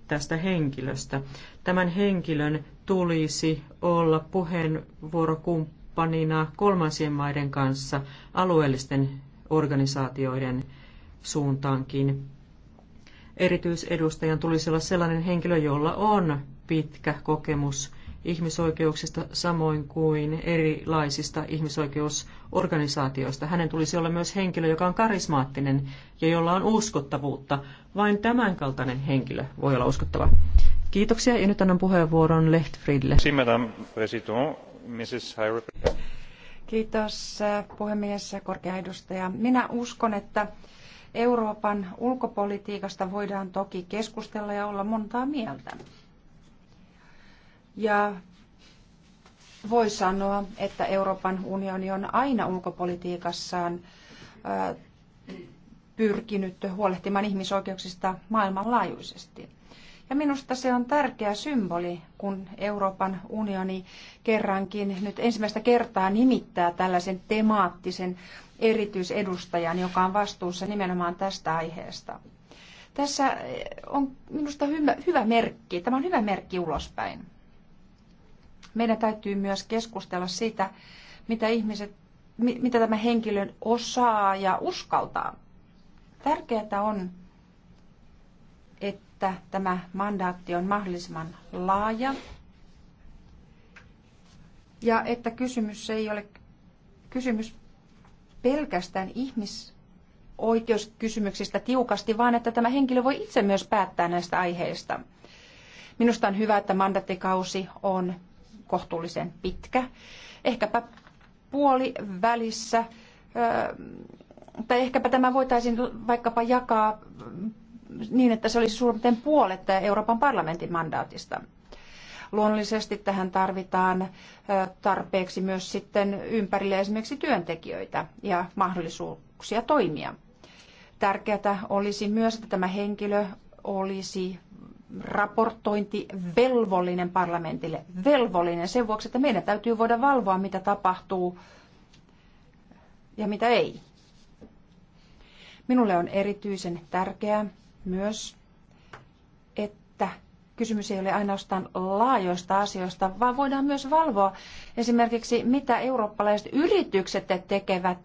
tästä henkilöstä. Tämän henkilön tulisi olla puheenvuorokumppanin kumppanina kolmansien maiden kanssa alueellisten organisaatioiden suuntaankin. Erityisedustajan tulisi olla sellainen henkilö, jolla on pitkä kokemus ihmisoikeuksista samoin kuin erilaisista ihmisoikeusorganisaatioista. Hänen tulisi olla myös henkilö, joka on karismaattinen ja jolla on uskottavuutta. Vain tämänkaltainen henkilö voi olla uskottava. Kiitoksia ja nyt annan puheenvuoron Lehtfriedille arvoisa Kiitos äh, puhemies korkea edustaja. Minä uskon, että Euroopan ulkopolitiikasta voidaan toki keskustella ja olla montaa mieltä. Ja voi sanoa, että Euroopan unioni on aina ulkopolitiikassaan äh, pyrkinyt huolehtimaan ihmisoikeuksista maailmanlaajuisesti. Ja minusta se on tärkeä symboli, kun Euroopan unioni kerrankin nyt ensimmäistä kertaa nimittää tällaisen temaattisen erityisedustajan, joka on vastuussa nimenomaan tästä aiheesta. Tässä eh, on minusta hyvä, hyvä merkki. Tämä on hyvä merkki ulospäin. Meidän täytyy myös keskustella siitä, mitä ihmiset mitä tämä henkilö osaa ja uskaltaa. Tärkeää on että tämä mandaatti on mahdollisimman laaja ja että kysymys ei ole kysymys pelkästään ihmisoikeuskysymyksistä tiukasti, vaan että tämä henkilö voi itse myös päättää näistä aiheista. Minusta on hyvä, että mandattikausi on kohtuullisen pitkä. Ehkäpä puoli välissä, tai ehkäpä tämä voitaisiin vaikkapa jakaa niin, että se olisi suurten puolet Euroopan parlamentin mandaatista. Luonnollisesti tähän tarvitaan tarpeeksi myös sitten ympärille esimerkiksi työntekijöitä ja mahdollisuuksia toimia. Tärkeää olisi myös, että tämä henkilö olisi raportointivelvollinen parlamentille. Velvollinen sen vuoksi, että meidän täytyy voida valvoa, mitä tapahtuu ja mitä ei. Minulle on erityisen tärkeää, myös, että kysymys ei ole ainoastaan laajoista asioista, vaan voidaan myös valvoa esimerkiksi, mitä eurooppalaiset yritykset tekevät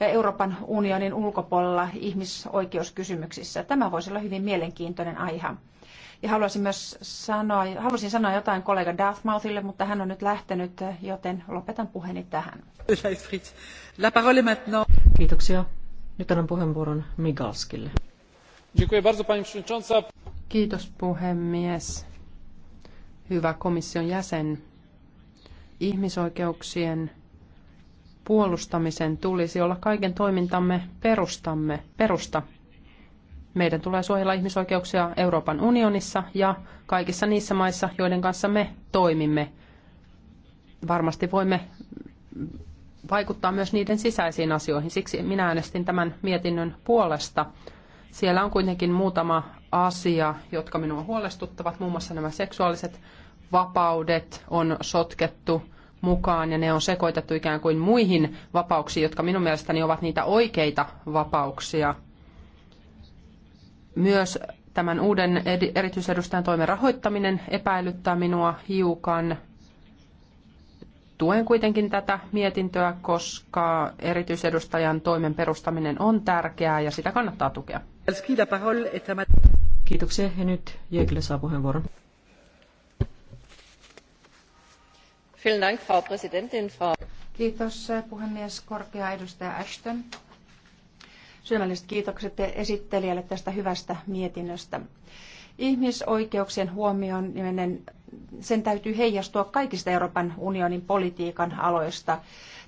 Euroopan unionin ulkopuolella ihmisoikeuskysymyksissä. Tämä voisi olla hyvin mielenkiintoinen aihe. Ja haluaisin myös sanoa, halusin sanoa jotain kollega Dartmouthille, mutta hän on nyt lähtenyt, joten lopetan puheeni tähän. Kiitoksia. Nyt annan puheenvuoron Migalskille. Kiitos puhemies. Hyvä komission jäsen. Ihmisoikeuksien puolustamisen tulisi olla kaiken toimintamme perustamme, perusta. Meidän tulee suojella ihmisoikeuksia Euroopan unionissa ja kaikissa niissä maissa, joiden kanssa me toimimme. Varmasti voimme vaikuttaa myös niiden sisäisiin asioihin. Siksi minä äänestin tämän mietinnön puolesta. Siellä on kuitenkin muutama asia, jotka minua huolestuttavat. Muun muassa nämä seksuaaliset vapaudet on sotkettu mukaan ja ne on sekoitettu ikään kuin muihin vapauksiin, jotka minun mielestäni ovat niitä oikeita vapauksia. Myös tämän uuden erityisedustajan toimen rahoittaminen epäilyttää minua hiukan. Tuen kuitenkin tätä mietintöä, koska erityisedustajan toimen perustaminen on tärkeää ja sitä kannattaa tukea. Kiitoksia. Ja nyt Jekle saa puheenvuoron. Kiitos puhemies korkea edustaja Ashton. Syvälliset kiitokset esittelijälle tästä hyvästä mietinnöstä. Ihmisoikeuksien huomioiminen, sen täytyy heijastua kaikista Euroopan unionin politiikan aloista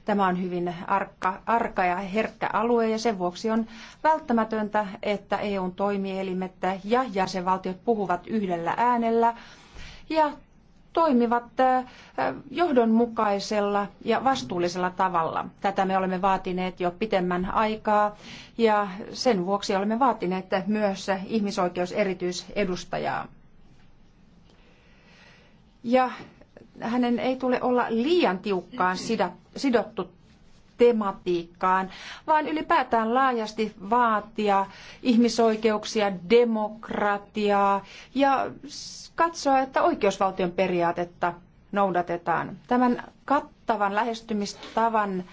Tämä on hyvin arkka, arka ja herkkä alue ja sen vuoksi on välttämätöntä, että EUn toimielimet ja jäsenvaltiot puhuvat yhdellä äänellä ja toimivat johdonmukaisella ja vastuullisella tavalla. Tätä me olemme vaatineet jo pitemmän aikaa ja sen vuoksi olemme vaatineet myös ihmisoikeuserityisedustajaa. Ja hänen ei tule olla liian tiukkaan sidottu tematiikkaan, vaan ylipäätään laajasti vaatia ihmisoikeuksia, demokratiaa ja katsoa, että oikeusvaltion periaatetta noudatetaan. Tämän kattavan lähestymistavan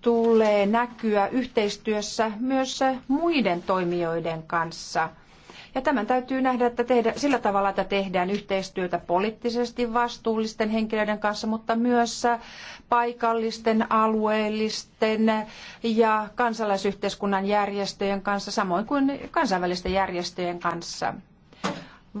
tulee näkyä yhteistyössä myös muiden toimijoiden kanssa – ja tämän täytyy nähdä että tehdä, sillä tavalla, että tehdään yhteistyötä poliittisesti vastuullisten henkilöiden kanssa, mutta myös paikallisten, alueellisten ja kansalaisyhteiskunnan järjestöjen kanssa, samoin kuin kansainvälisten järjestöjen kanssa.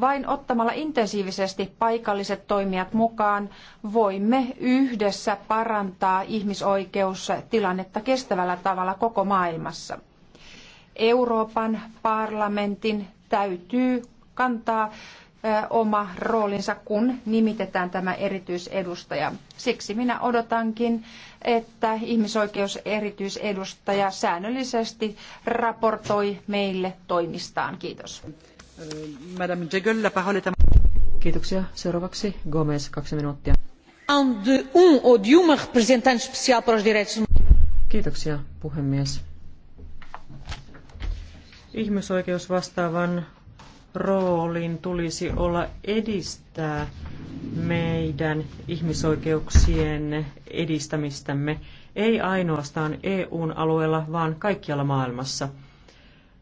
Vain ottamalla intensiivisesti paikalliset toimijat mukaan voimme yhdessä parantaa ihmisoikeustilannetta kestävällä tavalla koko maailmassa. Euroopan parlamentin täytyy kantaa oma roolinsa, kun nimitetään tämä erityisedustaja. Siksi minä odotankin, että ihmisoikeuserityisedustaja säännöllisesti raportoi meille toimistaan. Kiitos. Madame Jegel, la parole est Kiitoksia. Seuraavaksi Gomez, kaksi minuuttia. Kiitoksia, puhemies ihmisoikeusvastaavan roolin tulisi olla edistää meidän ihmisoikeuksien edistämistämme, ei ainoastaan EUn alueella, vaan kaikkialla maailmassa.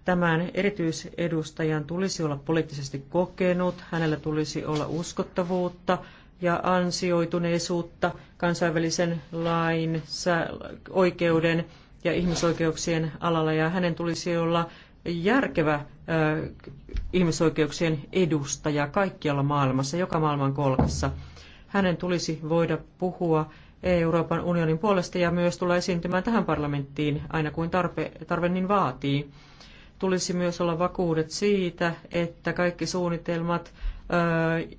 Tämän erityisedustajan tulisi olla poliittisesti kokenut, hänellä tulisi olla uskottavuutta ja ansioituneisuutta kansainvälisen lain, oikeuden ja ihmisoikeuksien alalla, ja hänen tulisi olla järkevä ihmisoikeuksien edustaja kaikkialla maailmassa, joka maailman kolkassa. Hänen tulisi voida puhua Euroopan unionin puolesta ja myös tulla esiintymään tähän parlamenttiin aina kuin tarpe, tarve niin vaatii. Tulisi myös olla vakuudet siitä, että kaikki suunnitelmat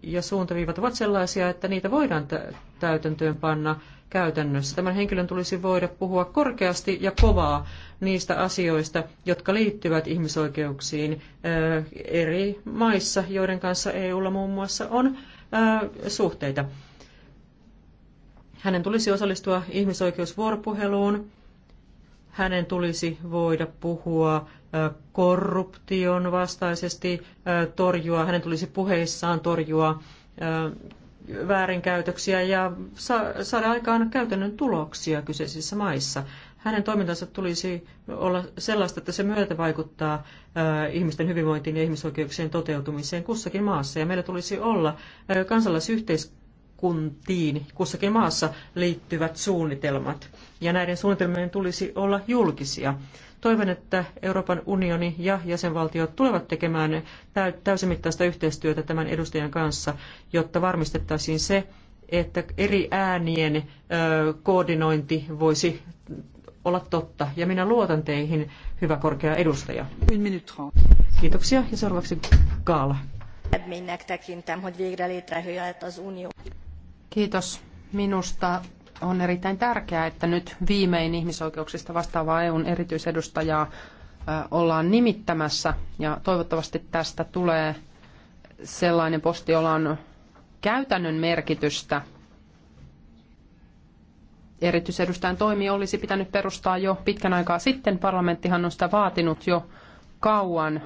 ja suuntaviivat ovat sellaisia, että niitä voidaan täytäntöön panna käytännössä. Tämän henkilön tulisi voida puhua korkeasti ja kovaa niistä asioista, jotka liittyvät ihmisoikeuksiin eh, eri maissa, joiden kanssa EUlla muun muassa on eh, suhteita. Hänen tulisi osallistua ihmisoikeusvuoropuheluun. Hänen tulisi voida puhua eh, korruption vastaisesti, torjua, hänen tulisi puheissaan torjua väärinkäytöksiä ja saada aikaan käytännön tuloksia kyseisissä maissa. Hänen toimintansa tulisi olla sellaista, että se myötä vaikuttaa äh, ihmisten hyvinvointiin ja ihmisoikeuksien toteutumiseen kussakin maassa. Ja meillä tulisi olla äh, kansalaisyhteiskuntiin kussakin maassa liittyvät suunnitelmat. Ja näiden suunnitelmien tulisi olla julkisia. Toivon, että Euroopan unioni ja jäsenvaltiot tulevat tekemään täysimittaista yhteistyötä tämän edustajan kanssa, jotta varmistettaisiin se, että eri äänien koordinointi voisi olla totta. Ja minä luotan teihin, hyvä korkea edustaja. Kiitoksia ja seuraavaksi Kaala. Kiitos. Minusta on erittäin tärkeää, että nyt viimein ihmisoikeuksista vastaavaa EUn erityisedustajaa ollaan nimittämässä ja toivottavasti tästä tulee sellainen posti, jolla on käytännön merkitystä. Erityisedustajan toimi olisi pitänyt perustaa jo pitkän aikaa sitten. Parlamenttihan on sitä vaatinut jo kauan.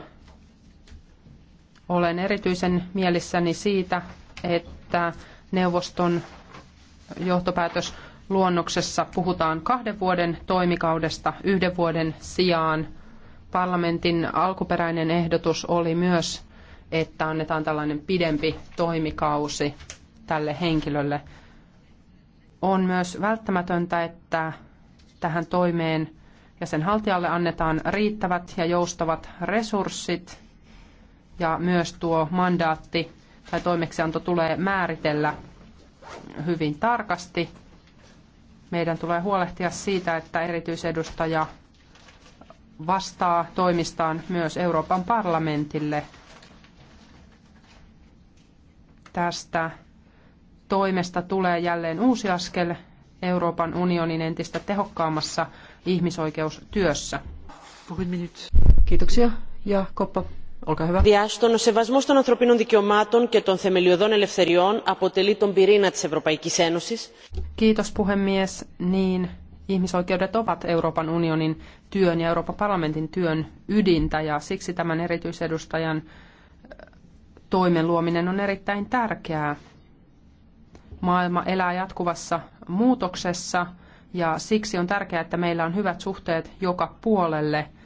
Olen erityisen mielissäni siitä, että neuvoston johtopäätös luonnoksessa puhutaan kahden vuoden toimikaudesta yhden vuoden sijaan. Parlamentin alkuperäinen ehdotus oli myös, että annetaan tällainen pidempi toimikausi tälle henkilölle. On myös välttämätöntä, että tähän toimeen ja sen haltijalle annetaan riittävät ja joustavat resurssit ja myös tuo mandaatti tai toimeksianto tulee määritellä hyvin tarkasti meidän tulee huolehtia siitä, että erityisedustaja vastaa toimistaan myös Euroopan parlamentille tästä toimesta tulee jälleen uusi askel Euroopan unionin entistä tehokkaammassa ihmisoikeustyössä. Puhuit Kiitoksia ja koppa ο σεβασμός των ανθρωπίνων δικαιωμάτων και των θεμελιωδών ελευθεριών αποτελεί τον πυρήνα της Ευρωπαϊκής Ένωσης. Kiitos puhemies. Niin, ihmisoikeudet ovat Euroopan unionin työn ja Euroopan parlamentin työn ydintä ja siksi tämän erityisedustajan toimen luominen on erittäin tärkeää. Maailma elää jatkuvassa muutoksessa ja siksi on tärkeää, että meillä on hyvät suhteet joka puolelle –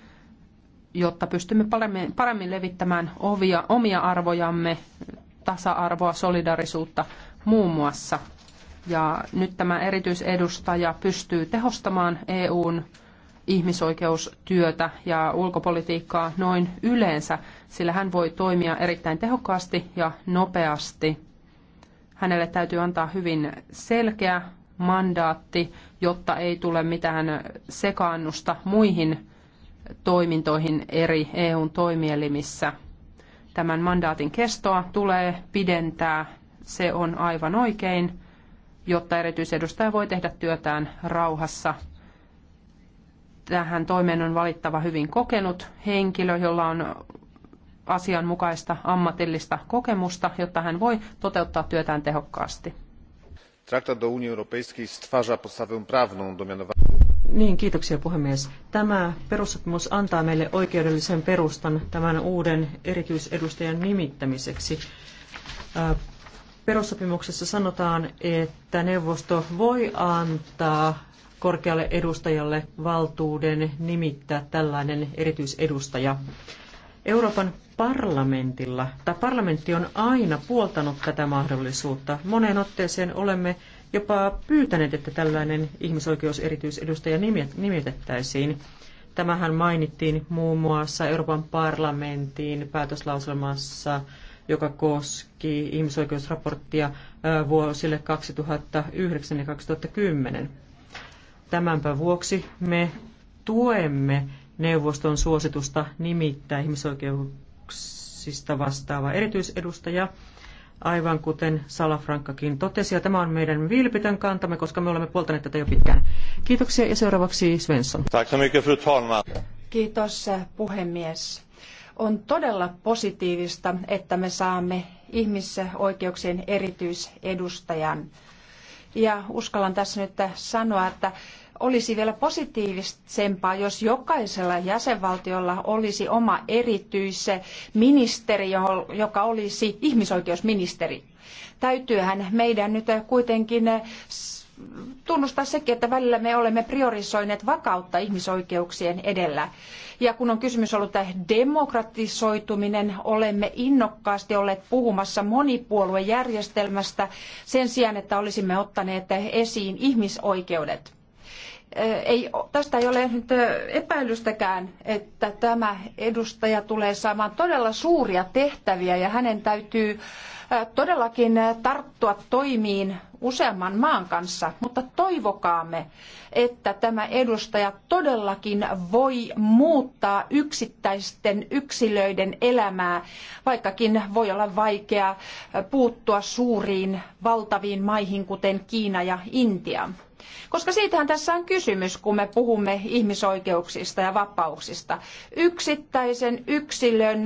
jotta pystymme paremmin, paremmin levittämään ovia, omia arvojamme, tasa-arvoa, solidarisuutta muun muassa. Ja nyt tämä erityisedustaja pystyy tehostamaan EUn ihmisoikeustyötä ja ulkopolitiikkaa noin yleensä, sillä hän voi toimia erittäin tehokkaasti ja nopeasti. Hänelle täytyy antaa hyvin selkeä mandaatti, jotta ei tule mitään sekaannusta muihin toimintoihin eri EUn toimielimissä. Tämän mandaatin kestoa tulee pidentää, se on aivan oikein, jotta erityisedustaja voi tehdä työtään rauhassa. Tähän toimeen on valittava hyvin kokenut henkilö, jolla on asianmukaista ammatillista kokemusta, jotta hän voi toteuttaa työtään tehokkaasti. Traktat do Unii Europejskiej stwarza podstawę prawną do mianowania niin, kiitoksia puhemies. Tämä perussopimus antaa meille oikeudellisen perustan tämän uuden erityisedustajan nimittämiseksi. Perussopimuksessa sanotaan, että neuvosto voi antaa korkealle edustajalle valtuuden nimittää tällainen erityisedustaja. Euroopan parlamentilla, tai parlamentti on aina puoltanut tätä mahdollisuutta. Moneen otteeseen olemme jopa pyytäneet, että tällainen ihmisoikeuserityisedustaja nimitettäisiin. Tämähän mainittiin muun muassa Euroopan parlamentin päätöslauselmassa, joka koski ihmisoikeusraporttia vuosille 2009 ja 2010. Tämänpä vuoksi me tuemme neuvoston suositusta nimittää ihmisoikeuksista vastaava erityisedustaja – aivan kuten Salafrankkakin totesi. Ja tämä on meidän vilpitön kantamme, koska me olemme puoltaneet tätä jo pitkään. Kiitoksia ja seuraavaksi Svensson. Kiitos eh, puhemies. On todella positiivista, että me saamme ihmisoikeuksien erityisedustajan. Ja uskallan tässä nyt eh, sanoa, että olisi vielä positiivisempaa, jos jokaisella jäsenvaltiolla olisi oma erityise ministeri, joka olisi ihmisoikeusministeri. Täytyyhän meidän nyt kuitenkin tunnustaa sekin, että välillä me olemme priorisoineet vakautta ihmisoikeuksien edellä. Ja kun on kysymys ollut demokratisoituminen, olemme innokkaasti olleet puhumassa monipuoluejärjestelmästä sen sijaan, että olisimme ottaneet esiin ihmisoikeudet ei, tästä ei ole nyt epäilystäkään, että tämä edustaja tulee saamaan todella suuria tehtäviä ja hänen täytyy todellakin tarttua toimiin useamman maan kanssa, mutta toivokaamme, että tämä edustaja todellakin voi muuttaa yksittäisten yksilöiden elämää, vaikkakin voi olla vaikea puuttua suuriin valtaviin maihin, kuten Kiina ja Intia. Koska siitähän tässä on kysymys, kun me puhumme ihmisoikeuksista ja vapauksista. Yksittäisen yksilön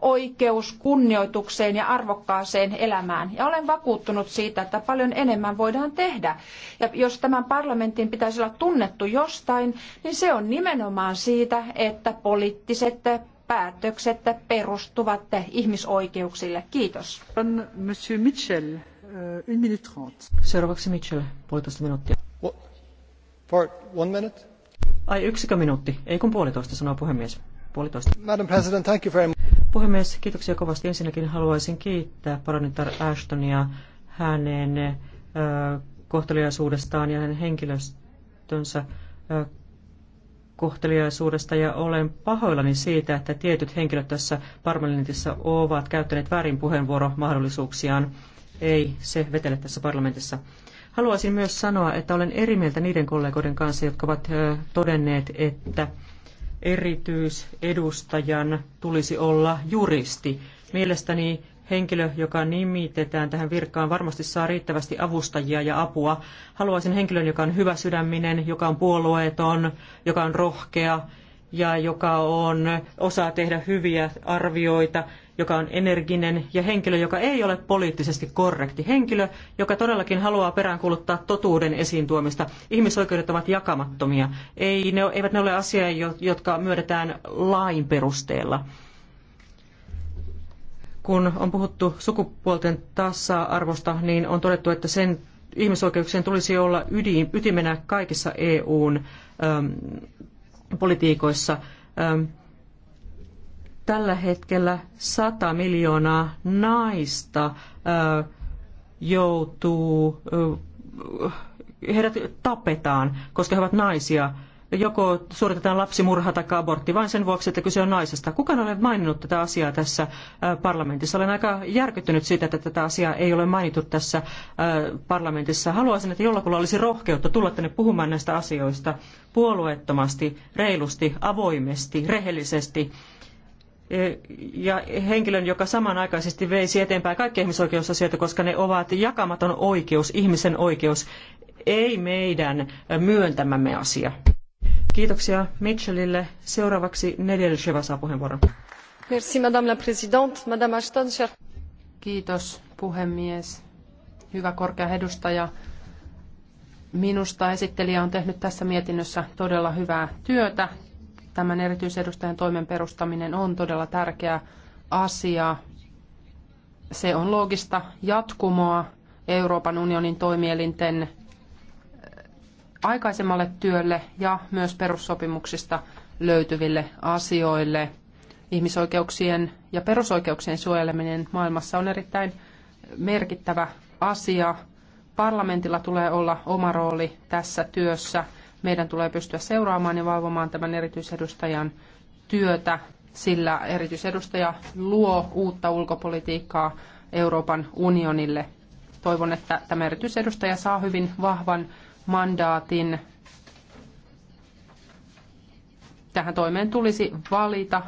oikeus kunnioitukseen ja arvokkaaseen elämään. Ja olen vakuuttunut siitä, että paljon enemmän voidaan tehdä. Ja jos tämän parlamentin pitäisi olla tunnettu jostain, niin se on nimenomaan siitä, että poliittiset päätökset perustuvat ihmisoikeuksille. Kiitos. Monsieur Mitchell. One euh, minute Seuraavaksi Mitchell, puolitoista minuuttia. What? For one minute? Ai yksikö minuutti, ei kun puolitoista, sanoo puhemies. Puolitoista. Madam President, thank you very much. Puhemies, kiitoksia kovasti. Ensinnäkin haluaisin kiittää paronitar Ashtonia hänen ö, kohteliaisuudestaan ja hänen henkilöstönsä ö, kohteliaisuudesta ja olen pahoillani siitä, että tietyt henkilöt tässä parlamentissa ovat käyttäneet väärin puheenvuoromahdollisuuksiaan. mahdollisuuksiaan ei se vetele tässä parlamentissa. Haluaisin myös sanoa, että olen eri mieltä niiden kollegoiden kanssa, jotka ovat todenneet, että erityisedustajan tulisi olla juristi. Mielestäni henkilö, joka nimitetään tähän virkaan, varmasti saa riittävästi avustajia ja apua. Haluaisin henkilön, joka on hyvä sydäminen, joka on puolueeton, joka on rohkea ja joka on, osaa tehdä hyviä arvioita joka on energinen, ja henkilö, joka ei ole poliittisesti korrekti. Henkilö, joka todellakin haluaa peräänkuuluttaa totuuden esiin tuomista. Ihmisoikeudet ovat jakamattomia. Ei ne, eivät ne ole asia, jotka myödetään lain perusteella kun on puhuttu sukupuolten tasa-arvosta, niin on todettu, että sen ihmisoikeuksien tulisi olla ydin, ytimenä kaikissa EUn äm, politiikoissa. Äm, Tällä hetkellä 100 miljoonaa naista joutuu, heidät tapetaan, koska he ovat naisia. Joko suoritetaan lapsimurha tai abortti vain sen vuoksi, että kyse on naisesta. Kukaan ei ole maininnut tätä asiaa tässä parlamentissa. Olen aika järkyttynyt siitä, että tätä asiaa ei ole mainittu tässä parlamentissa. Haluaisin, että jollakulla olisi rohkeutta tulla tänne puhumaan näistä asioista puolueettomasti, reilusti, avoimesti, rehellisesti E, ja henkilön, joka samanaikaisesti veisi eteenpäin kaikkia ihmisoikeusasioita, koska ne ovat jakamaton oikeus, ihmisen oikeus, ei meidän myöntämämme asia. Kiitoksia Mitchellille. Seuraavaksi Nedelcheva saa puheenvuoron. Merci, madame la présidente, madame Ashton. Kiitos, puhemies. Hyvä korkea edustaja. Minusta esittelijä on tehnyt tässä mietinnössä todella hyvää työtä tämän erityisedustajan toimen perustaminen on todella tärkeä asia. Se on loogista jatkumoa Euroopan unionin toimielinten eh, aikaisemmalle työlle ja myös perussopimuksista löytyville asioille. Ihmisoikeuksien ja perusoikeuksien suojeleminen maailmassa on erittäin merkittävä asia. Parlamentilla tulee olla oma rooli tässä työssä – meidän tulee pystyä seuraamaan ja valvomaan tämän erityisedustajan työtä, sillä erityisedustaja luo uutta ulkopolitiikkaa Euroopan unionille. Toivon, että tämä erityisedustaja saa hyvin vahvan mandaatin. Tähän toimeen tulisi valita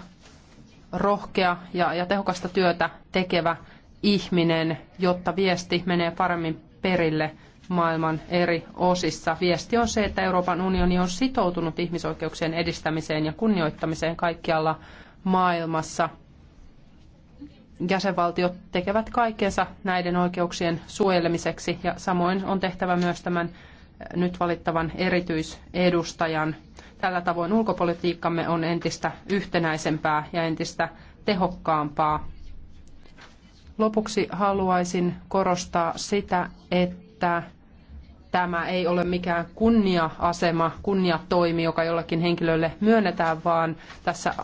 rohkea ja, ja tehokasta työtä tekevä ihminen, jotta viesti menee paremmin perille maailman eri osissa. Viesti on se, että Euroopan unioni on sitoutunut ihmisoikeuksien edistämiseen ja kunnioittamiseen kaikkialla maailmassa. Jäsenvaltiot tekevät kaikkensa näiden oikeuksien suojelemiseksi ja samoin on tehtävä myös tämän eh, nyt valittavan erityisedustajan. Tällä tavoin ulkopolitiikkamme on entistä yhtenäisempää ja entistä tehokkaampaa. Lopuksi haluaisin korostaa sitä, että tämä ei ole mikään kunnia-asema, kunniatoimi, joka jollakin henkilölle myönnetään, vaan tässä,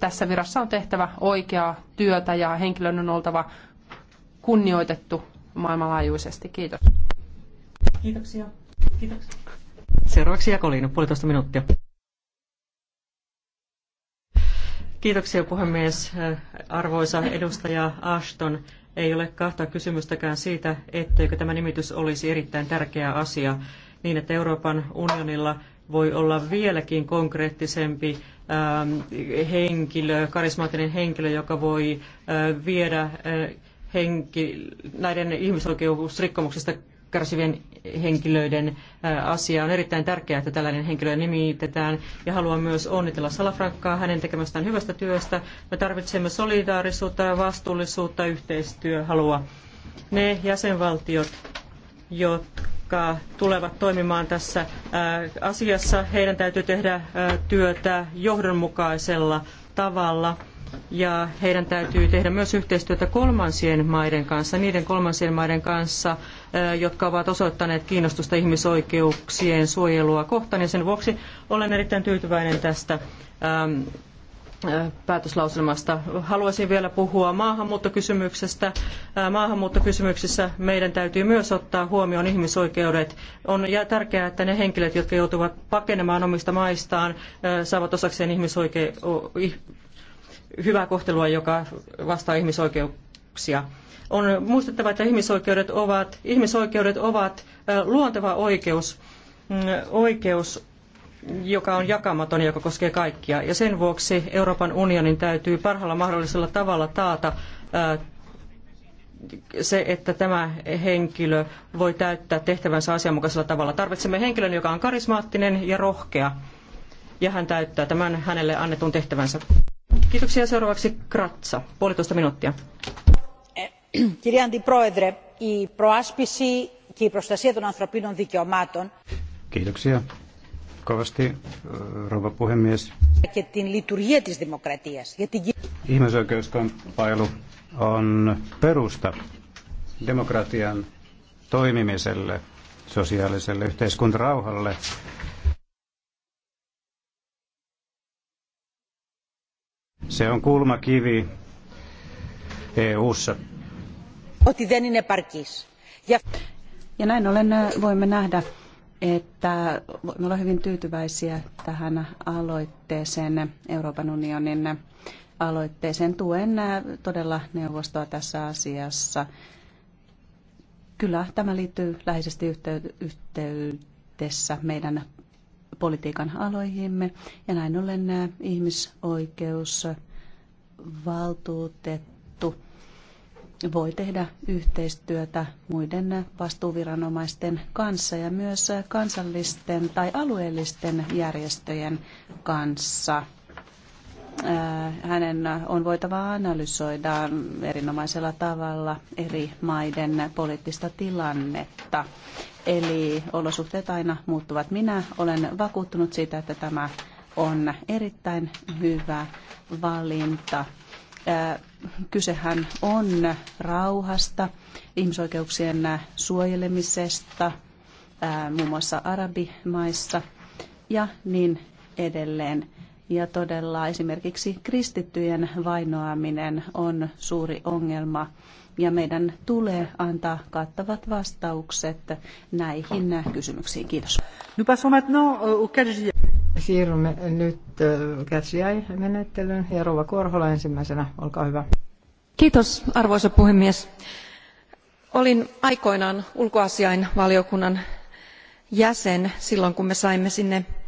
tässä virassa on tehtävä oikeaa työtä ja henkilön on oltava kunnioitettu maailmanlaajuisesti. Kiitos. Kiitoksia. Kiitoksia. Seuraavaksi Jakoliino, puolitoista minuuttia. Kiitoksia puhemies. Arvoisa edustaja Ashton, ei ole kahta kysymystäkään siitä, etteikö tämä nimitys olisi erittäin tärkeä asia, niin että Euroopan unionilla voi olla vieläkin konkreettisempi ähm, henkilö, karismaattinen henkilö, joka voi äh, viedä äh, henki, näiden ihmisoikeusrikkomuksista kärsivien henkilöiden asia. On erittäin tärkeää, että tällainen henkilö nimitetään ja haluan myös onnitella Salafrankkaa hänen tekemästään hyvästä työstä. Me tarvitsemme solidaarisuutta ja vastuullisuutta, yhteistyöhalua. Ne jäsenvaltiot, jotka tulevat toimimaan tässä asiassa, heidän täytyy tehdä työtä johdonmukaisella tavalla – ja heidän täytyy tehdä myös yhteistyötä kolmansien maiden kanssa, niiden kolmansien maiden kanssa, jotka ovat osoittaneet kiinnostusta ihmisoikeuksien suojelua kohtaan. Ja sen vuoksi olen erittäin tyytyväinen tästä päätöslauselmasta. Haluaisin vielä puhua maahanmuuttokysymyksestä. Maahanmuuttokysymyksissä meidän täytyy myös ottaa huomioon ihmisoikeudet. On tärkeää, että ne henkilöt, jotka joutuvat pakenemaan omista maistaan, saavat osakseen ihmisoike- hyvää kohtelua, joka vastaa ihmisoikeuksia. On muistettava, että ihmisoikeudet ovat, ihmisoikeudet ovat luonteva oikeus, mm, oikeus, joka on jakamaton ja joka koskee kaikkia. Ja sen vuoksi Euroopan unionin täytyy parhaalla mahdollisella tavalla taata se, että tämä henkilö voi täyttää tehtävänsä asianmukaisella tavalla. Tarvitsemme henkilön, joka on karismaattinen ja rohkea, ja hän täyttää tämän hänelle annetun tehtävänsä. Kiitoksia. Seuraavaksi Kratsa. Puolitoista minuuttia. Kirja Antiproedre, η προάσπιση και η προστασία των ανθρωπίνων δικαιωμάτων. Kiitoksia kovasti, rouva puhemies. Και την λειτουργία της δημοκρατίας. Για την... Ihmisoikeuskamppailu on perusta demokratian toimimiselle, sosiaaliselle yhteiskuntarauhalle Se on kulmakivi EU:ssa. Ότι δεν είναι επαρκής. Ja näin ollen voimme nähdä, että voimme olla hyvin tyytyväisiä tähän aloitteeseen, Euroopan unionin aloitteeseen. Tuen todella neuvostoa tässä asiassa. Kyllä tämä liittyy läheisesti yhteydessä meidän politiikan aloihimme ja näin ollen nämä ihmisoikeusvaltuutettu voi tehdä yhteistyötä muiden vastuuviranomaisten kanssa ja myös kansallisten tai alueellisten järjestöjen kanssa. Äh, hänen on voitava analysoida erinomaisella tavalla eri maiden poliittista tilannetta. Eli olosuhteet aina muuttuvat. Minä olen vakuuttunut siitä, että tämä on erittäin hyvä valinta. Äh, kysehän on rauhasta, ihmisoikeuksien suojelemisesta, äh, muun muassa arabimaissa ja niin edelleen. Ja todella esimerkiksi kristittyjen vainoaminen on suuri ongelma ja meidän tulee antaa kattavat vastaukset näihin kysymyksiin. Kiitos. Euh, Siirrymme nyt Käsiäi-menettelyyn äh, ja Rova Korhola ensimmäisenä, olkaa hyvä. Kiitos arvoisa puhemies. Olin aikoinaan ulkoasiainvaliokunnan jäsen silloin, kun me saimme sinne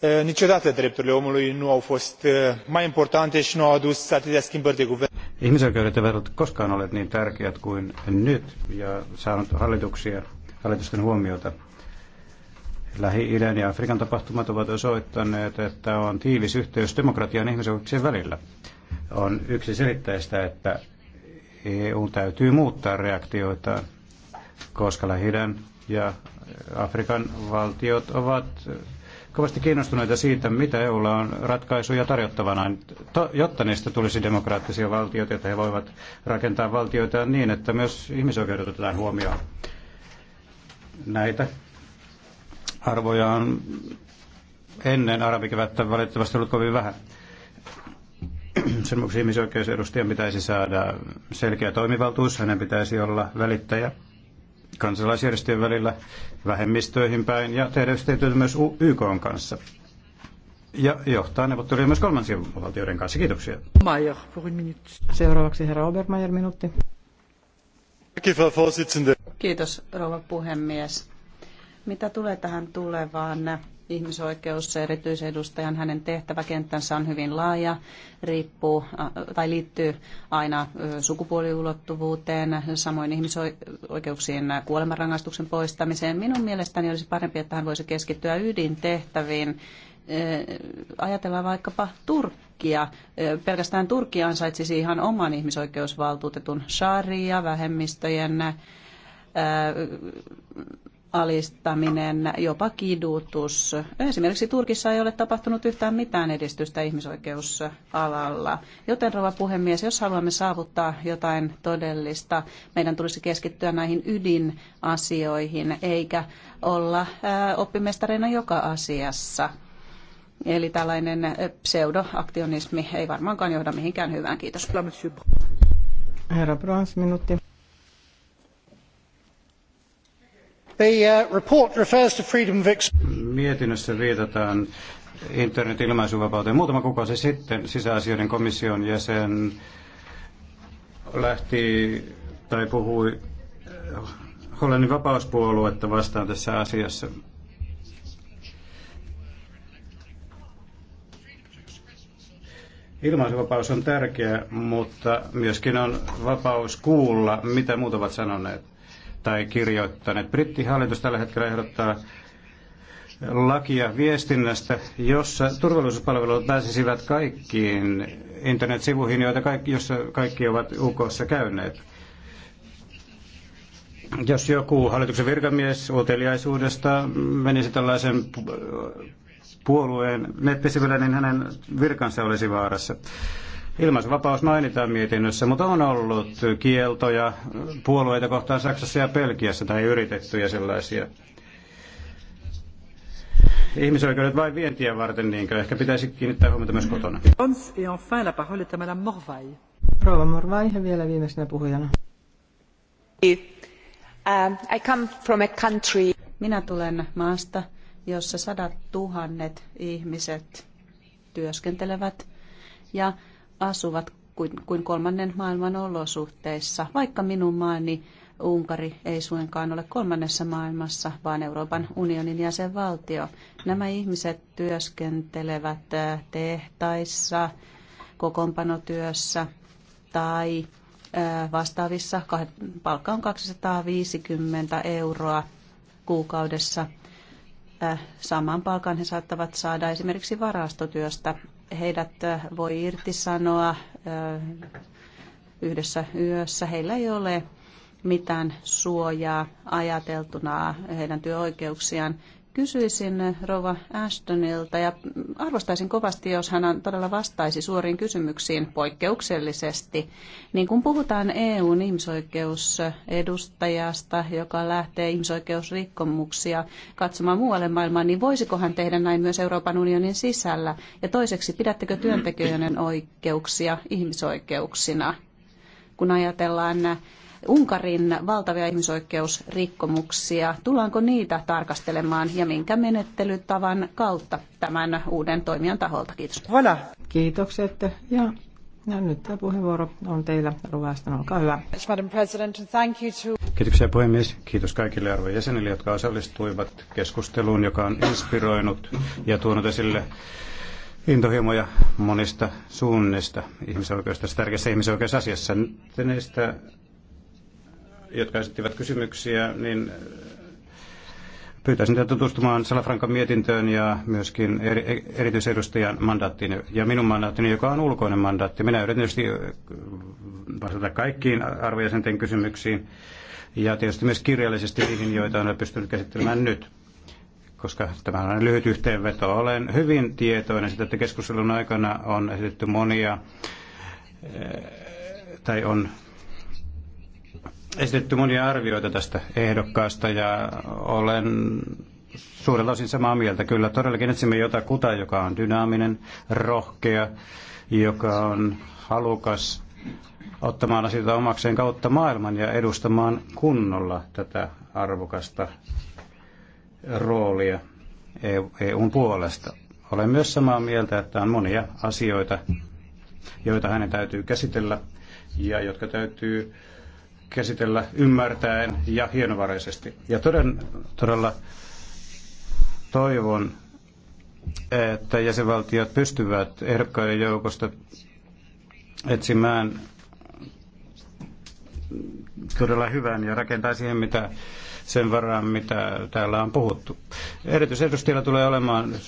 E, niciodată drepturile omului nu au fost e, mai importante și nu au adus atâtea schimbări de guvern. Ihmisoikeudet eivät koskaan ole niin tärkeät kuin nyt ja saanut hallituksia, hallitusten huomiota. Lähi-idän ja Afrikan tapahtumat ovat osoittaneet, että on tiivis yhteys demokratian ja ihmisoikeuksien välillä. On yksi selittäistä, että EU täytyy muuttaa reaktioitaan, koska lähi ja Afrikan valtiot ovat kovasti kiinnostuneita siitä, mitä EUlla on ratkaisuja tarjottavana, niin jotta niistä tulisi demokraattisia valtioita, että he voivat rakentaa valtioita niin, että myös ihmisoikeudet otetaan huomioon. Näitä arvoja on ennen arabikevättä valitettavasti ollut kovin vähän. Sen vuoksi ihmisoikeusedustajan pitäisi saada selkeä toimivaltuus, hänen pitäisi olla välittäjä kansalaisjärjestöjen välillä vähemmistöihin päin ja tehdä yhteistyötä myös YK kanssa. Ja johtaa neuvotteluja myös kolmansien valtioiden kanssa. Kiitoksia. Seuraavaksi herra Obermeier, minuutti. Kiitos, rouva puhemies. Mitä tulee tähän tulevaan ihmisoikeus erityisedustajan hänen tehtäväkenttänsä on hyvin laaja, riippuu tai liittyy aina sukupuoliulottuvuuteen, samoin ihmisoikeuksien kuolemanrangaistuksen poistamiseen. Minun mielestäni olisi parempi, että hän voisi keskittyä ydintehtäviin. Ajatellaan vaikkapa Turkkia. Pelkästään Turkki ansaitsisi ihan oman ihmisoikeusvaltuutetun sharia, vähemmistöjen alistaminen, jopa kidutus. Esimerkiksi Turkissa ei ole tapahtunut yhtään mitään edistystä ihmisoikeusalalla. Joten rouva puhemies, jos haluamme saavuttaa jotain todellista, meidän tulisi keskittyä näihin ydinasioihin, eikä olla oppimestareina joka asiassa. Eli tällainen pseudoaktionismi ei varmaankaan johda mihinkään hyvään. Kiitos. Herra Brans, minuutti. The uh, report refers to freedom of Mietinnössä viitataan internet ilmaisuvapauteen. Muutama kuukausi sitten sisäasioiden komission jäsen lähti tai puhui äh, Hollannin vapauspuoluetta vastaan tässä asiassa. Ilmaisuvapaus on tärkeä, mutta myöskin on vapaus kuulla, mitä muut ovat sanoneet tai kirjoittaneet. Brittihallitus tällä hetkellä ehdottaa lakia viestinnästä, jossa turvallisuuspalvelut pääsisivät kaikkiin internetsivuihin, joita kaikki, jossa kaikki ovat UKssa käyneet. Jos joku hallituksen virkamies uteliaisuudesta menisi tällaisen puolueen nettisivuille, niin hänen virkansa olisi vaarassa. Ilmaisvapaus mainitaan mietinnössä, mutta on ollut kieltoja puolueita kohtaan Saksassa ja Pelkiässä tai yritettyjä sellaisia. Ihmisoikeudet vain vientiä varten, niinkö? Ehkä pitäisi kiinnittää huomiota myös kotona. Ons Morvai. Rouva Morvai, vielä viimeisenä puhujana. Eh, eh, I come from a country. Minä tulen maasta, jossa sadat tuhannet ihmiset työskentelevät ja asuvat kuin, kuin kolmannen maailman olosuhteissa, vaikka minun maani Unkari ei suinkaan ole kolmannessa maailmassa, vaan Euroopan unionin jäsenvaltio. Nämä ihmiset työskentelevät äh, tehtaissa, kokoonpanotyössä tai äh, vastaavissa. Palkka on 250 euroa kuukaudessa. Äh, saman palkan he saattavat saada esimerkiksi varastotyöstä heidät voi irtisanoa yhdessä yössä. Heillä ei ole mitään suojaa ajateltuna heidän työoikeuksiaan. Kysyisin Rova Ashtonilta ja arvostaisin kovasti, jos hän todella vastaisi suoriin kysymyksiin poikkeuksellisesti. Niin kun puhutaan EUn ihmisoikeusedustajasta, joka lähtee ihmisoikeusrikkomuksia katsomaan muualle maailmaan, niin voisiko hän tehdä näin myös Euroopan unionin sisällä? Ja toiseksi, pidättekö työntekijöiden oikeuksia ihmisoikeuksina? Kun ajatellaan Unkarin valtavia ihmisoikeusrikkomuksia. Tullaanko niitä tarkastelemaan ja minkä menettelytavan kautta tämän uuden toimijan taholta? Kiitos. Voilà. Kiitokset ja ja nyt tämä puheenvuoro on teillä. Ruvastan, olkaa hyvä. Kiitoksia puhemies. Kiitos kaikille arvon jäsenille, jotka osallistuivat keskusteluun, joka on inspiroinut ja tuonut esille intohimoja monista suunnista ihmisoikeudesta, tässä tärkeässä ihmisoikeusasiassa jotka esittivät kysymyksiä, niin äh, pyytäisin teitä tutustumaan Salafrankan mietintöön ja myöskin eri, e, erityisedustajan mandaattiin ja minun mandaattini, joka on ulkoinen mandaatti. Minä yritän tietysti äh, vastata kaikkiin arvojäsenten kysymyksiin ja tietysti myös kirjallisesti niihin, joita olen pystynyt käsittelemään nyt koska tämä on lyhyt yhteenveto. Olen hyvin tietoinen siitä, että keskustelun aikana on esitetty monia äh, tai on esitetty monia arvioita tästä ehdokkaasta ja olen suurella osin samaa mieltä. Kyllä todellakin etsimme jotakuta, joka on dynaaminen, rohkea, joka on halukas ottamaan asioita omakseen kautta maailman ja edustamaan kunnolla tätä arvokasta roolia EUn e puolesta. Olen myös samaa mieltä, että on monia asioita, joita hänen täytyy käsitellä ja jotka täytyy käsitellä ymmärtäen ja hienovaraisesti. Ja toden, todella toivon, että jäsenvaltiot pystyvät ehdokkaiden joukosta etsimään todella hyvän ja rakentaa siihen, mitä sen varaan, mitä täällä on puhuttu. Erityisedustajilla tulee olemaan äh,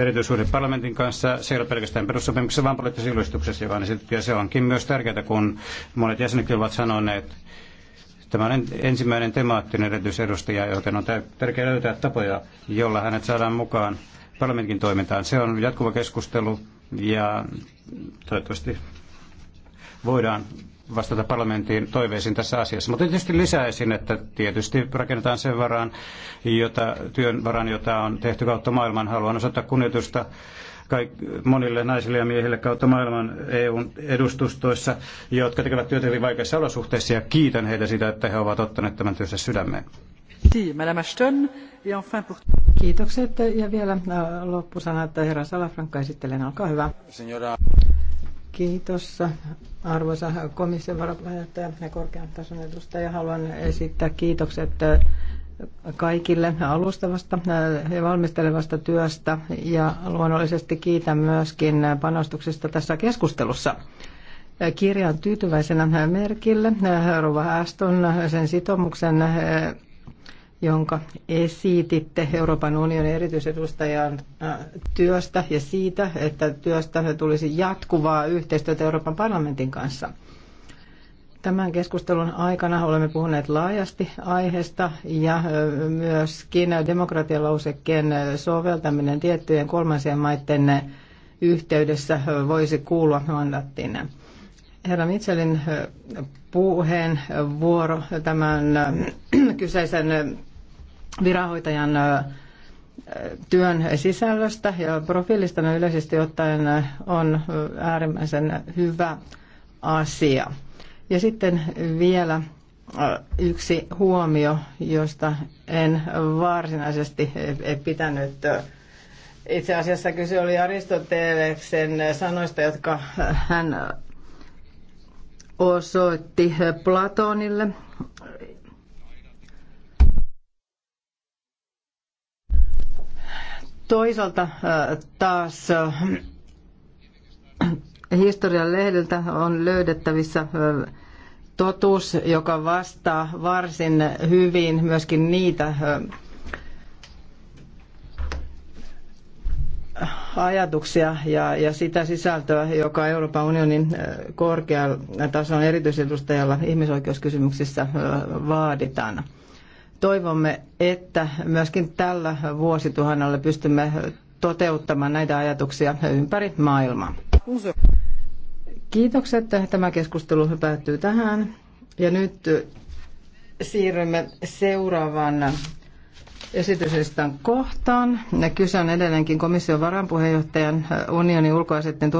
erityisuuden parlamentin kanssa, se ei ole pelkästään perussopimuksessa, vaan poliittisessa julistuksessa, joka on esitetty, ja se onkin myös tärkeää, kun monet jäsenet ovat sanoneet, Tämä on ensimmäinen temaattinen erityisedustaja, joten on tärkeää löytää tapoja, jolla hänet saadaan mukaan parlamentin toimintaan. Se on jatkuva keskustelu ja toivottavasti voidaan vastata parlamentin toiveisiin tässä asiassa. Mutta tietysti lisäisin, että tietysti rakennetaan sen varaan, jota, työn varaan, jota on tehty kautta maailman. Haluan osoittaa kunnioitusta kaik, monille naisille ja miehille kautta maailman EUn edustustoissa, jotka tekevät työtä hyvin vaikeissa olosuhteissa ja kiitän heitä siitä, että he ovat ottaneet tämän työssä sydämeen. Kiitokset ja vielä äh, loppusana, että herra Salafranka esittelen, olkaa hyvä. Kiitos Arvoisa komission varapuheenjohtaja ja korkean tason edustaja, haluan esittää kiitokset äh, kaikille alustavasta äh, ja valmistelevasta työstä ja luonnollisesti kiitän myöskin panostuksista tässä keskustelussa. Äh, Kirjan tyytyväisenä merkille Rova Aston sen sitoumuksen jonka esititte Euroopan unionin erityisedustajan äh, työstä ja siitä, että työstä tulisi jatkuvaa yhteistyötä Euroopan parlamentin kanssa. Tämän keskustelun aikana olemme puhuneet laajasti aiheesta ja äh, myöskin demokratialausekkeen soveltaminen tiettyjen kolmansien maiden yhteydessä äh, voisi kuulua mandattiin. Herra Mitchellin vuoro tämän kyseisen viranhoitajan työn sisällöstä ja profiilista me yleisesti ottaen on äärimmäisen hyvä asia. Ja sitten vielä yksi huomio, josta en varsinaisesti e, e, pitänyt. Itse asiassa kyse oli Aristoteleksen sanoista, jotka hän osoitti Platonille Toisaalta äh, taas äh, historian lehdiltä on löydettävissä äh, totuus, joka vastaa varsin hyvin myöskin niitä ajatuksia ja, ja sitä sisältöä, joka Euroopan unionin korkean tason erityisedustajalla ihmisoikeuskysymyksissä vaaditaan. Toivomme, että myöskin tällä vuosituhannella pystymme toteuttamaan näitä ajatuksia ympäri maailmaa. Kiitokset. Tämä keskustelu päättyy tähän. Ja nyt siirrymme seuraavan esityslistan kohtaan. Kyse on edelleenkin komission varapuheenjohtajan unionin ulkoasetten